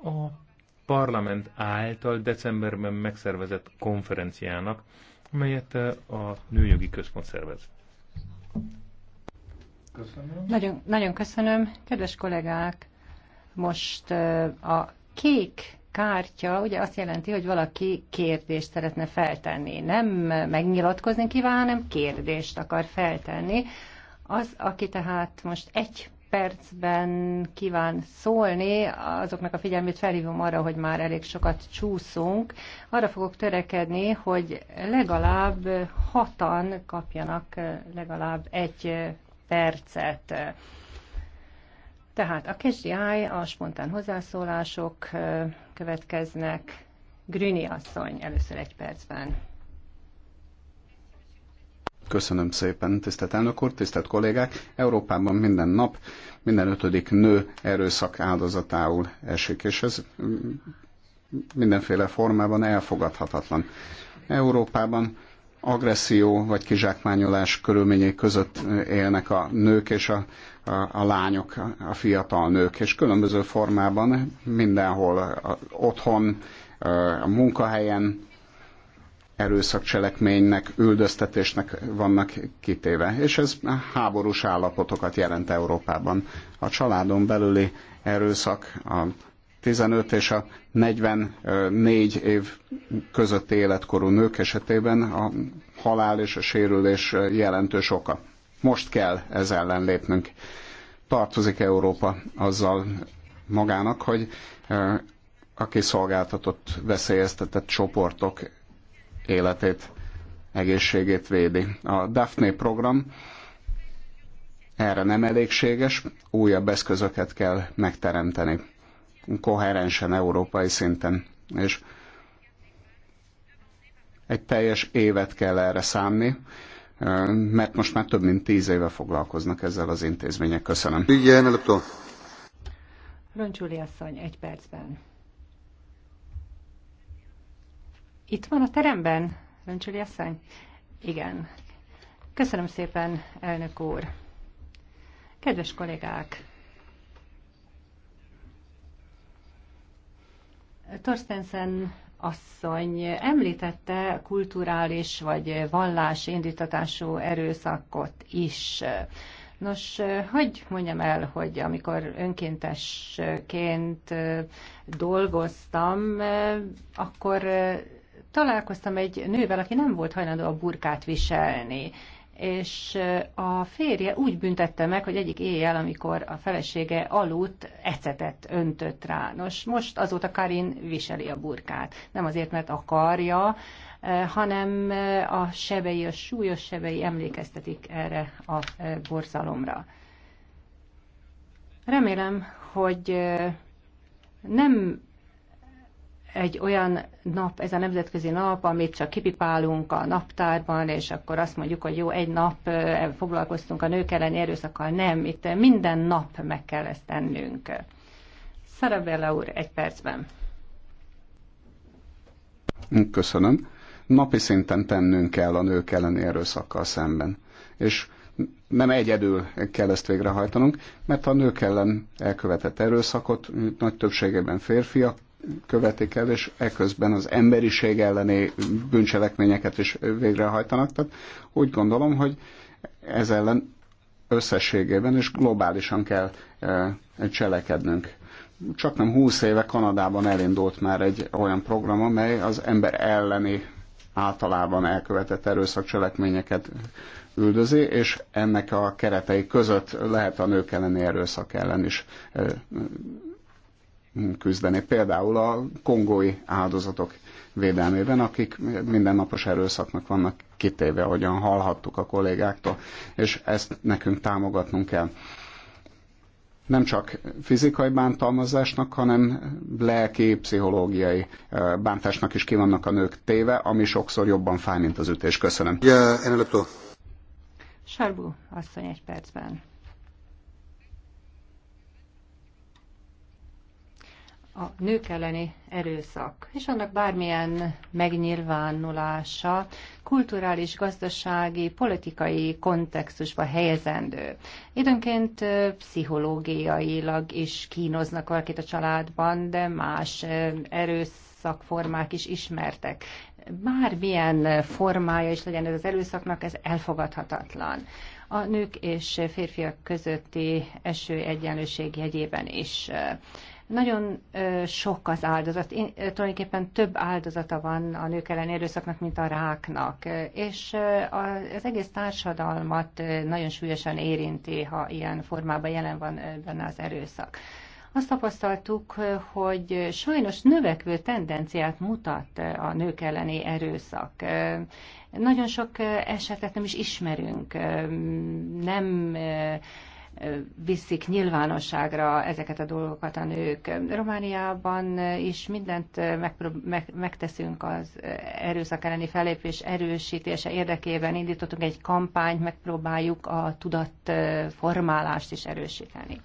a parlament által decemberben megszervezett konferenciának, amelyet eh, a Nőjogi Központ szervez. Köszönöm. Nagyon, nagyon köszönöm. Kedves kollégák, most eh, a kék kártya ugye azt jelenti, hogy valaki kérdést szeretne feltenni. Nem megnyilatkozni kíván, hanem kérdést akar feltenni. Az, aki tehát most egy percben kíván szólni, azoknak a figyelmét felhívom arra, hogy már elég sokat csúszunk. Arra fogok törekedni, hogy legalább hatan kapjanak eh, legalább egy eh, percet. Tehát a KSDI, a spontán hozzászólások eh, következnek. Grüni asszony először egy percben. Köszönöm szépen, tisztelt elnök úr, tisztelt kollégák! Európában minden nap minden ötödik nő erőszak áldozatául esik, és ez mindenféle formában elfogadhatatlan. Európában agresszió vagy kizsákmányolás körülményei között élnek a nők és a, a, a lányok, a fiatal nők, és különböző formában mindenhol a, otthon, a munkahelyen, erőszakcselekménynek, üldöztetésnek vannak kitéve. És ez háborús állapotokat jelent Európában. A családon belüli erőszak a 15 és a 44 év közötti életkorú nők esetében a halál és a sérülés jelentős oka. Most kell ez ellen lépnünk. Tartozik Európa azzal magának, hogy eh, a kiszolgáltatott, veszélyeztetett csoportok életét, egészségét védi. A Daphne program erre nem elégséges, újabb eszközöket kell megteremteni, koherensen európai szinten. És egy teljes évet kell erre számni, mert most már több mint tíz éve foglalkoznak ezzel az intézmények. Köszönöm. Igen, Röncsúli asszony, egy percben. Itt van a teremben, Röncsöli asszony? Igen. Köszönöm szépen, elnök úr. Kedves kollégák! Torstensen asszony említette kulturális vagy vallás indítatású erőszakot is. Nos, hogy mondjam el, hogy amikor önkéntesként dolgoztam, akkor találkoztam egy nővel, aki nem volt hajlandó a burkát viselni, és a férje úgy büntette meg, hogy egyik éjjel, amikor a felesége aludt, ecetet öntött rá. Nos, most azóta Karin viseli a burkát. Nem azért, mert akarja, hanem a sebei, a súlyos sebei emlékeztetik erre a borzalomra. Remélem, hogy nem egy olyan nap, ez a nemzetközi nap, amit csak kipipálunk a naptárban, és akkor azt mondjuk, hogy jó, egy nap foglalkoztunk a nők elleni erőszakkal. Nem, itt minden nap meg kell ezt tennünk. Szarabella úr, egy percben. Köszönöm. Napi szinten tennünk kell a nők elleni erőszakkal szemben. És nem egyedül kell ezt végrehajtanunk, mert a nők ellen elkövetett erőszakot nagy többségében férfiak követik el, és eközben az emberiség elleni bűncselekményeket is végrehajtanak. Tehát úgy gondolom, hogy ez ellen összességében és globálisan kell eh, cselekednünk. Csak nem húsz éve Kanadában elindult már egy olyan program, amely az ember elleni általában elkövetett erőszak cselekményeket üldözi, és ennek a keretei között lehet a nők elleni erőszak ellen is eh, küzdeni. Például a kongói áldozatok védelmében, akik mindennapos erőszaknak vannak kitéve, ahogyan hallhattuk a kollégáktól, és ezt nekünk támogatnunk kell. Nem csak fizikai bántalmazásnak, hanem lelki, pszichológiai eh, bántásnak is kivannak a nők téve, ami sokszor jobban fáj, mint az ütés. Köszönöm. Yeah, Sarbu, asszony egy percben. a nők elleni erőszak és annak bármilyen megnyilvánulása kulturális, gazdasági, politikai kontextusba helyezendő. Időnként pszichológiailag is kínoznak valakit a családban, de más erőszakformák is ismertek. Bármilyen formája is legyen ez az erőszaknak, ez elfogadhatatlan a nők és férfiak közötti eső egyenlőség jegyében is. Nagyon sok az áldozat, Én, tulajdonképpen több áldozata van a nők elleni erőszaknak, mint a ráknak, és az egész társadalmat nagyon súlyosan érinti, ha ilyen formában jelen van benne az erőszak azt tapasztaltuk, hogy sajnos növekvő tendenciát mutat a nők elleni erőszak. Nagyon sok esetet nem is ismerünk, nem viszik nyilvánosságra ezeket a dolgokat a nők. Romániában is mindent megprób- meg- megteszünk az erőszak elleni felépés erősítése érdekében. Indítottunk egy kampányt, megpróbáljuk a tudatformálást is erősíteni.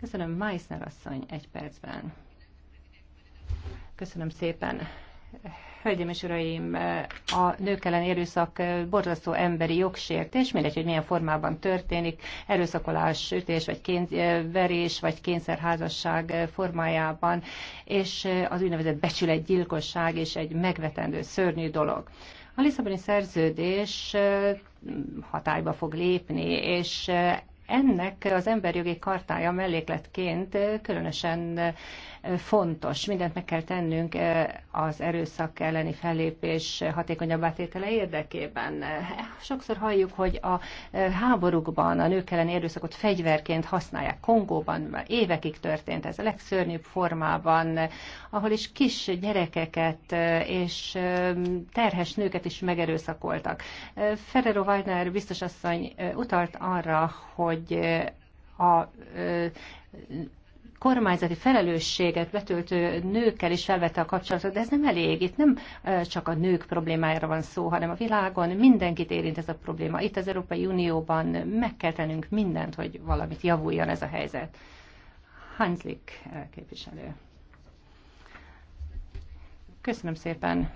Köszönöm, Meissner asszony, egy percben. Köszönöm szépen Hölgyeim és Uraim, a nők ellen erőszak borzasztó emberi jogsértés, mindegy, hogy milyen formában történik, erőszakolás, ütés, vagy kénz, verés, vagy kényszerházasság formájában, és az úgynevezett becsületgyilkosság és egy megvetendő szörnyű dolog. A Lisszaboni szerződés hatályba fog lépni, és ennek az emberjogi kartája mellékletként különösen fontos. Mindent meg kell tennünk az erőszak elleni fellépés hatékonyabb átétele érdekében. Sokszor halljuk, hogy a háborúkban a nők elleni erőszakot fegyverként használják. Kongóban évekig történt ez a legszörnyűbb formában, ahol is kis gyerekeket és terhes nőket is megerőszakoltak. Ferrero Waldner biztos asszony utalt arra, hogy hogy eh, a eh, kormányzati felelősséget betöltő nőkkel is felvette a kapcsolatot, de ez nem elég. Itt nem eh, csak a nők problémájára van szó, hanem a világon mindenkit érint ez a probléma. Itt az Európai Unióban meg kell tennünk mindent, hogy valamit javuljon ez a helyzet. Hanslik képviselő. Köszönöm szépen.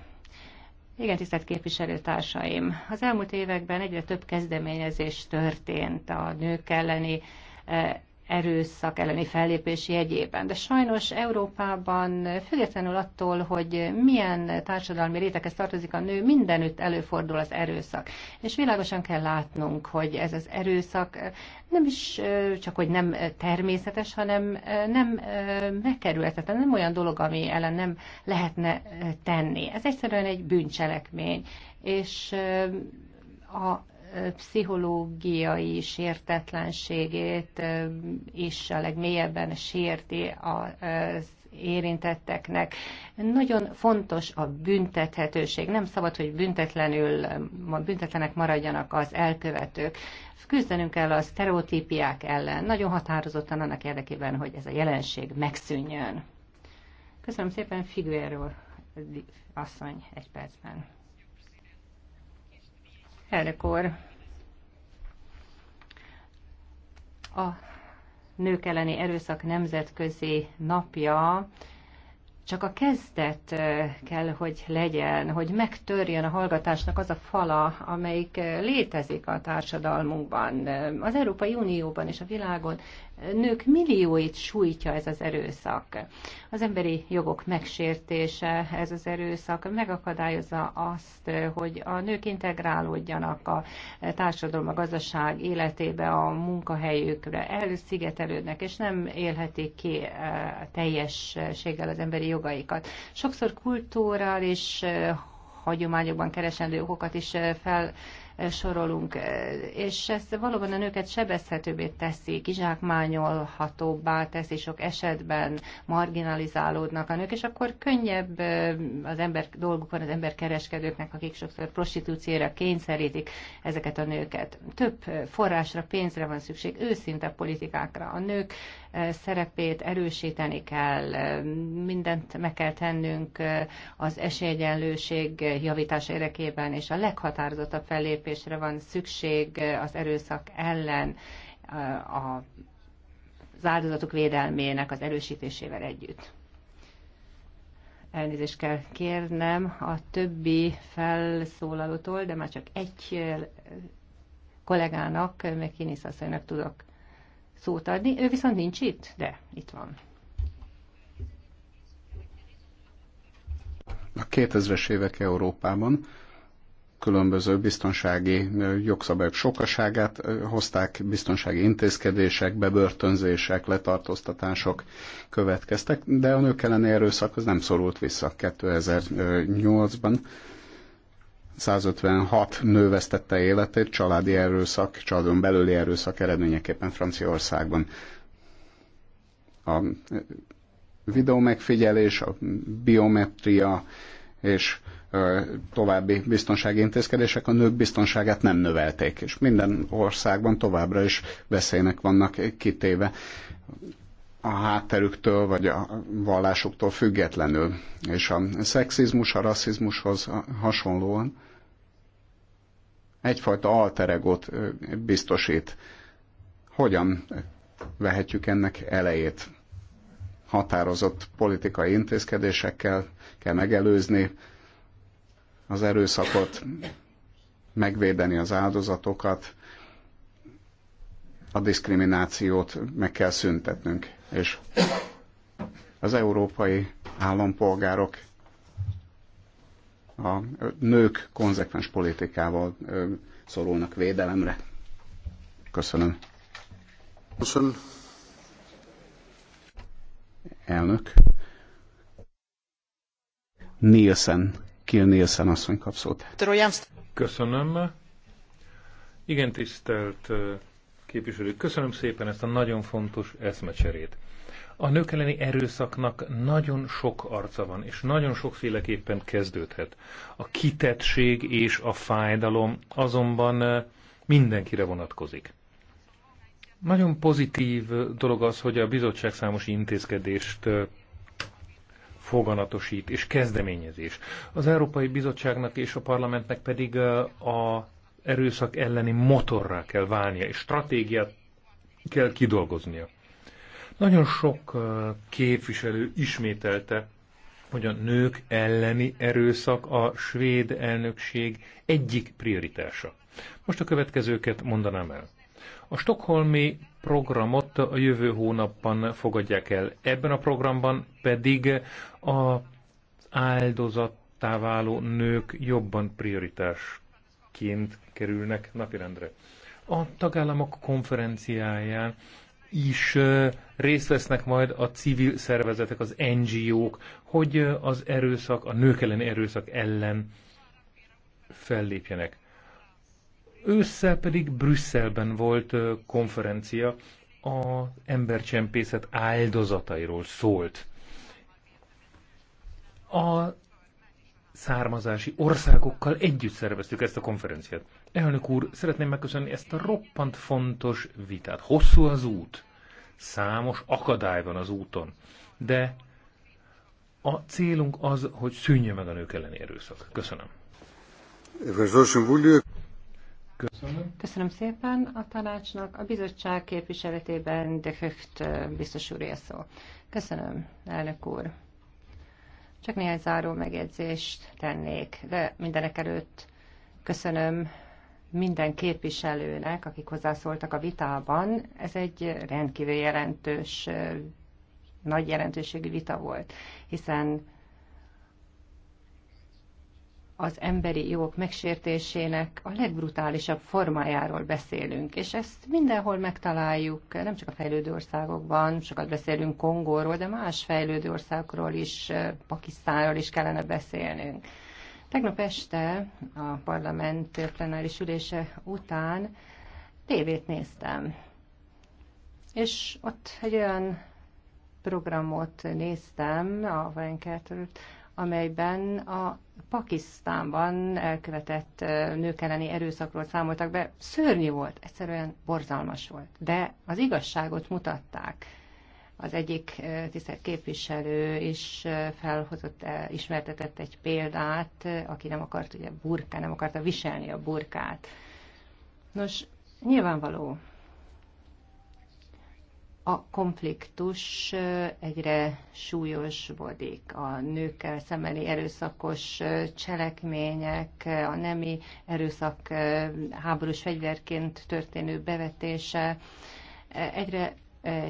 Igen, tisztelt képviselőtársaim! Az elmúlt években egyre több kezdeményezés történt a nők elleni eh, erőszak elleni fellépés jegyében. De sajnos Európában, függetlenül attól, hogy milyen társadalmi réteghez tartozik a nő, mindenütt előfordul az erőszak. És világosan kell látnunk, hogy ez az erőszak nem is csak, hogy nem természetes, hanem nem megkerülhetetlen, nem olyan dolog, ami ellen nem lehetne tenni. Ez egyszerűen egy bűncselekmény. És a pszichológiai sértetlenségét is a legmélyebben sérti az érintetteknek. Nagyon fontos a büntethetőség. Nem szabad, hogy büntetlenül, büntetlenek maradjanak az elkövetők. Küzdenünk kell a sztereotípiák ellen. Nagyon határozottan annak érdekében, hogy ez a jelenség megszűnjön. Köszönöm szépen, Figuero asszony egy percben. Elnök úr, a nők elleni erőszak nemzetközi napja csak a kezdet kell, hogy legyen, hogy megtörjön a hallgatásnak az a fala, amelyik létezik a társadalmunkban, az Európai Unióban és a világon. Nők millióit sújtja ez az erőszak. Az emberi jogok megsértése ez az erőszak megakadályozza azt, hogy a nők integrálódjanak a társadalom, a gazdaság életébe, a munkahelyükre, elszigetelődnek, és nem élhetik ki teljességgel az emberi jogokat jogaikat. Sokszor kultúrál és hagyományokban keresendő okokat is fel sorolunk, eh, és ez valóban a nőket sebezhetőbbé teszi, kizsákmányolhatóbbá teszi sok esetben, marginalizálódnak a nők, és akkor könnyebb eh, az ember dolguk van az emberkereskedőknek, akik sokszor prostitúcióra kényszerítik ezeket a nőket. Több eh, forrásra, pénzre van szükség, őszinte politikákra. A nők szerepét erősíteni kell, mindent meg kell tennünk az esélyegyenlőség javítás érdekében, és a leghatározottabb fellépés fellépésre van szükség az erőszak ellen a az áldozatok védelmének az erősítésével együtt. Elnézést kell kérnem a többi felszólalótól, de már csak egy kollégának, meg Kinisz asszonynak tudok szót adni. Ő viszont nincs itt, de itt van. A 2000-es évek Európában különböző biztonsági jogszabályok sokaságát hozták, biztonsági intézkedések, bebörtönzések, letartóztatások következtek, de a nők elleni erőszak az nem szorult vissza 2008-ban. 156 nő vesztette életét családi erőszak, családon belüli erőszak eredményeképpen Franciaországban. A videó megfigyelés, a biometria és további biztonsági intézkedések a nők biztonságát nem növelték, és minden országban továbbra is veszélynek vannak kitéve a hátterüktől vagy a vallásuktól függetlenül. És a szexizmus a rasszizmushoz hasonlóan egyfajta alteregot biztosít. Hogyan vehetjük ennek elejét? Határozott politikai intézkedésekkel kell megelőzni, az erőszakot, megvédeni az áldozatokat, a diszkriminációt meg kell szüntetnünk, és az európai állampolgárok a nők konzekvens politikával szorulnak védelemre. Köszönöm. Köszönöm. Elnök. Nielsen Kill Nielsen asszony kap szót. Köszönöm. Igen, tisztelt képviselők, köszönöm szépen ezt a nagyon fontos eszmecserét. A nők elleni erőszaknak nagyon sok arca van, és nagyon sokféleképpen kezdődhet. A kitettség és a fájdalom azonban mindenkire vonatkozik. Nagyon pozitív dolog az, hogy a bizottság számos intézkedést foganatosít és kezdeményezés. Az Európai Bizottságnak és a parlamentnek pedig a erőszak elleni motorrá kell válnia, és stratégiát kell kidolgoznia. Nagyon sok képviselő ismételte, hogy a nők elleni erőszak a svéd elnökség egyik prioritása. Most a következőket mondanám el. A stokholmi programot a jövő hónapban fogadják el. Ebben a programban pedig a áldozattá váló nők jobban prioritásként kerülnek napirendre. A tagállamok konferenciáján is részt vesznek majd a civil szervezetek, az NGO-k, hogy az erőszak, a nők elleni erőszak ellen fellépjenek. Ősszel pedig Brüsszelben volt konferencia az embercsempészet áldozatairól szólt. A származási országokkal együtt szerveztük ezt a konferenciát. Elnök úr, szeretném megköszönni ezt a roppant fontos vitát. Hosszú az út, számos akadály van az úton, de a célunk az, hogy szűnje meg a nők elleni erőszak. Köszönöm. Köszönöm. Köszönöm szépen a tanácsnak. A bizottság képviseletében de Höcht biztos úr szó. Köszönöm, elnök úr. Csak néhány záró megjegyzést tennék, de mindenek előtt köszönöm minden képviselőnek, akik hozzászóltak a vitában. Ez egy rendkívül jelentős, nagy jelentőségű vita volt, hiszen az emberi jogok megsértésének a legbrutálisabb formájáról beszélünk, és ezt mindenhol megtaláljuk, nem csak a fejlődő országokban, sokat beszélünk Kongóról, de más fejlődő országokról is, Pakisztánról is kellene beszélnünk. Tegnap este a parlament plenáris ülése után tévét néztem, és ott egy olyan programot néztem, a Venkertől, amelyben a Pakisztánban elkövetett nők elleni erőszakról számoltak be. Szörnyű volt, egyszerűen borzalmas volt, de az igazságot mutatták. Az egyik tisztelt képviselő is felhozott, ismertetett egy példát, aki nem akart ugye burkát, nem akarta viselni a burkát. Nos, nyilvánvaló, a konfliktus egyre súlyosbodik. A nőkkel szembeni erőszakos cselekmények, a nemi erőszak háborús fegyverként történő bevetése egyre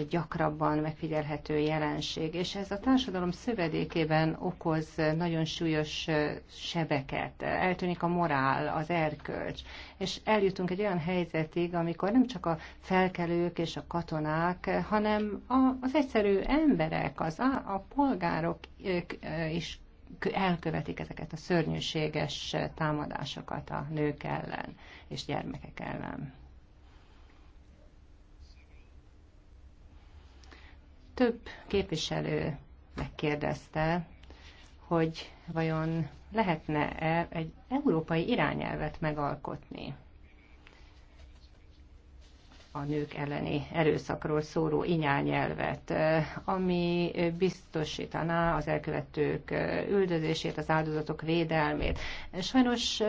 gyakrabban megfigyelhető jelenség, és ez a társadalom szövedékében okoz nagyon súlyos sebeket. Eltűnik a morál, az erkölcs, és eljutunk egy olyan helyzetig, amikor nem csak a felkelők és a katonák, hanem az egyszerű emberek, az a, a polgárok is elkövetik ezeket a szörnyűséges támadásokat a nők ellen és gyermekek ellen. Több képviselő megkérdezte, hogy vajon lehetne-e egy európai irányelvet megalkotni a nők elleni erőszakról szóró inyányelvet, ami biztosítaná az elkövetők üldözését, az áldozatok védelmét. Sajnos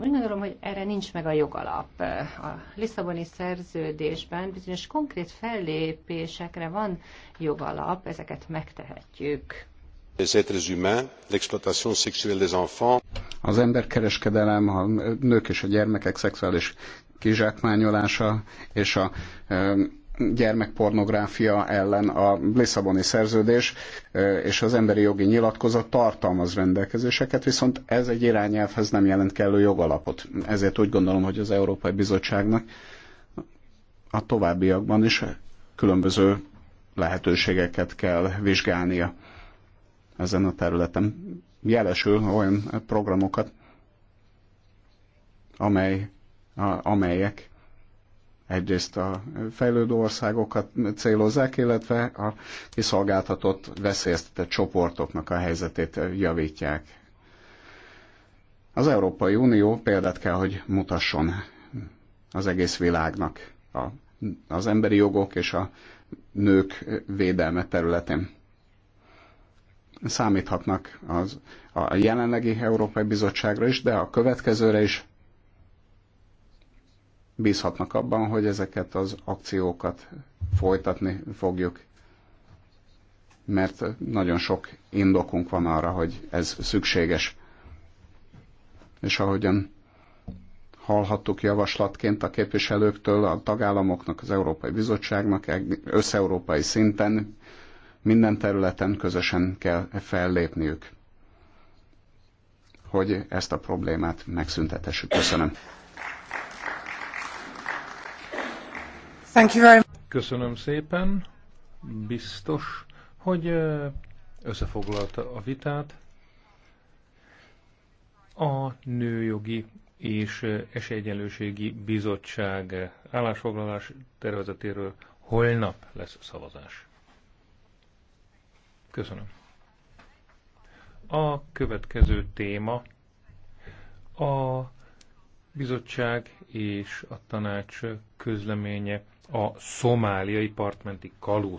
úgy gondolom, hogy erre nincs meg a jogalap. A Lisszaboni szerződésben bizonyos konkrét fellépésekre van jogalap, ezeket megtehetjük. Az emberkereskedelem, a nők és a gyermekek szexuális kizsákmányolása és a gyermekpornográfia ellen a Lisszaboni szerződés és az emberi jogi nyilatkozat tartalmaz rendelkezéseket, viszont ez egy irányelvhez nem jelent kellő jogalapot. Ezért úgy gondolom, hogy az Európai Bizottságnak a továbbiakban is különböző lehetőségeket kell vizsgálnia ezen a területen. Jelesül olyan programokat, amely amelyek egyrészt a fejlődő országokat célozzák, illetve a kiszolgáltatott veszélyeztetett csoportoknak a helyzetét javítják. Az Európai Unió példát kell, hogy mutasson az egész világnak a, az emberi jogok és a nők védelme területén. Számíthatnak az, a jelenlegi Európai Bizottságra is, de a következőre is bízhatnak abban, hogy ezeket az akciókat folytatni fogjuk, mert nagyon sok indokunk van arra, hogy ez szükséges. És ahogyan hallhattuk javaslatként a képviselőktől, a tagállamoknak, az Európai Bizottságnak összeurópai szinten minden területen közösen kell fellépniük, hogy ezt a problémát megszüntetessük. Köszönöm. Thank you very much. Köszönöm szépen. Biztos, hogy összefoglalta a vitát. A nőjogi és esélyegyenlőségi bizottság állásfoglalás tervezetéről holnap lesz szavazás. Köszönöm. A következő téma a bizottság és a tanács közleménye a szomáliai partmenti kalóz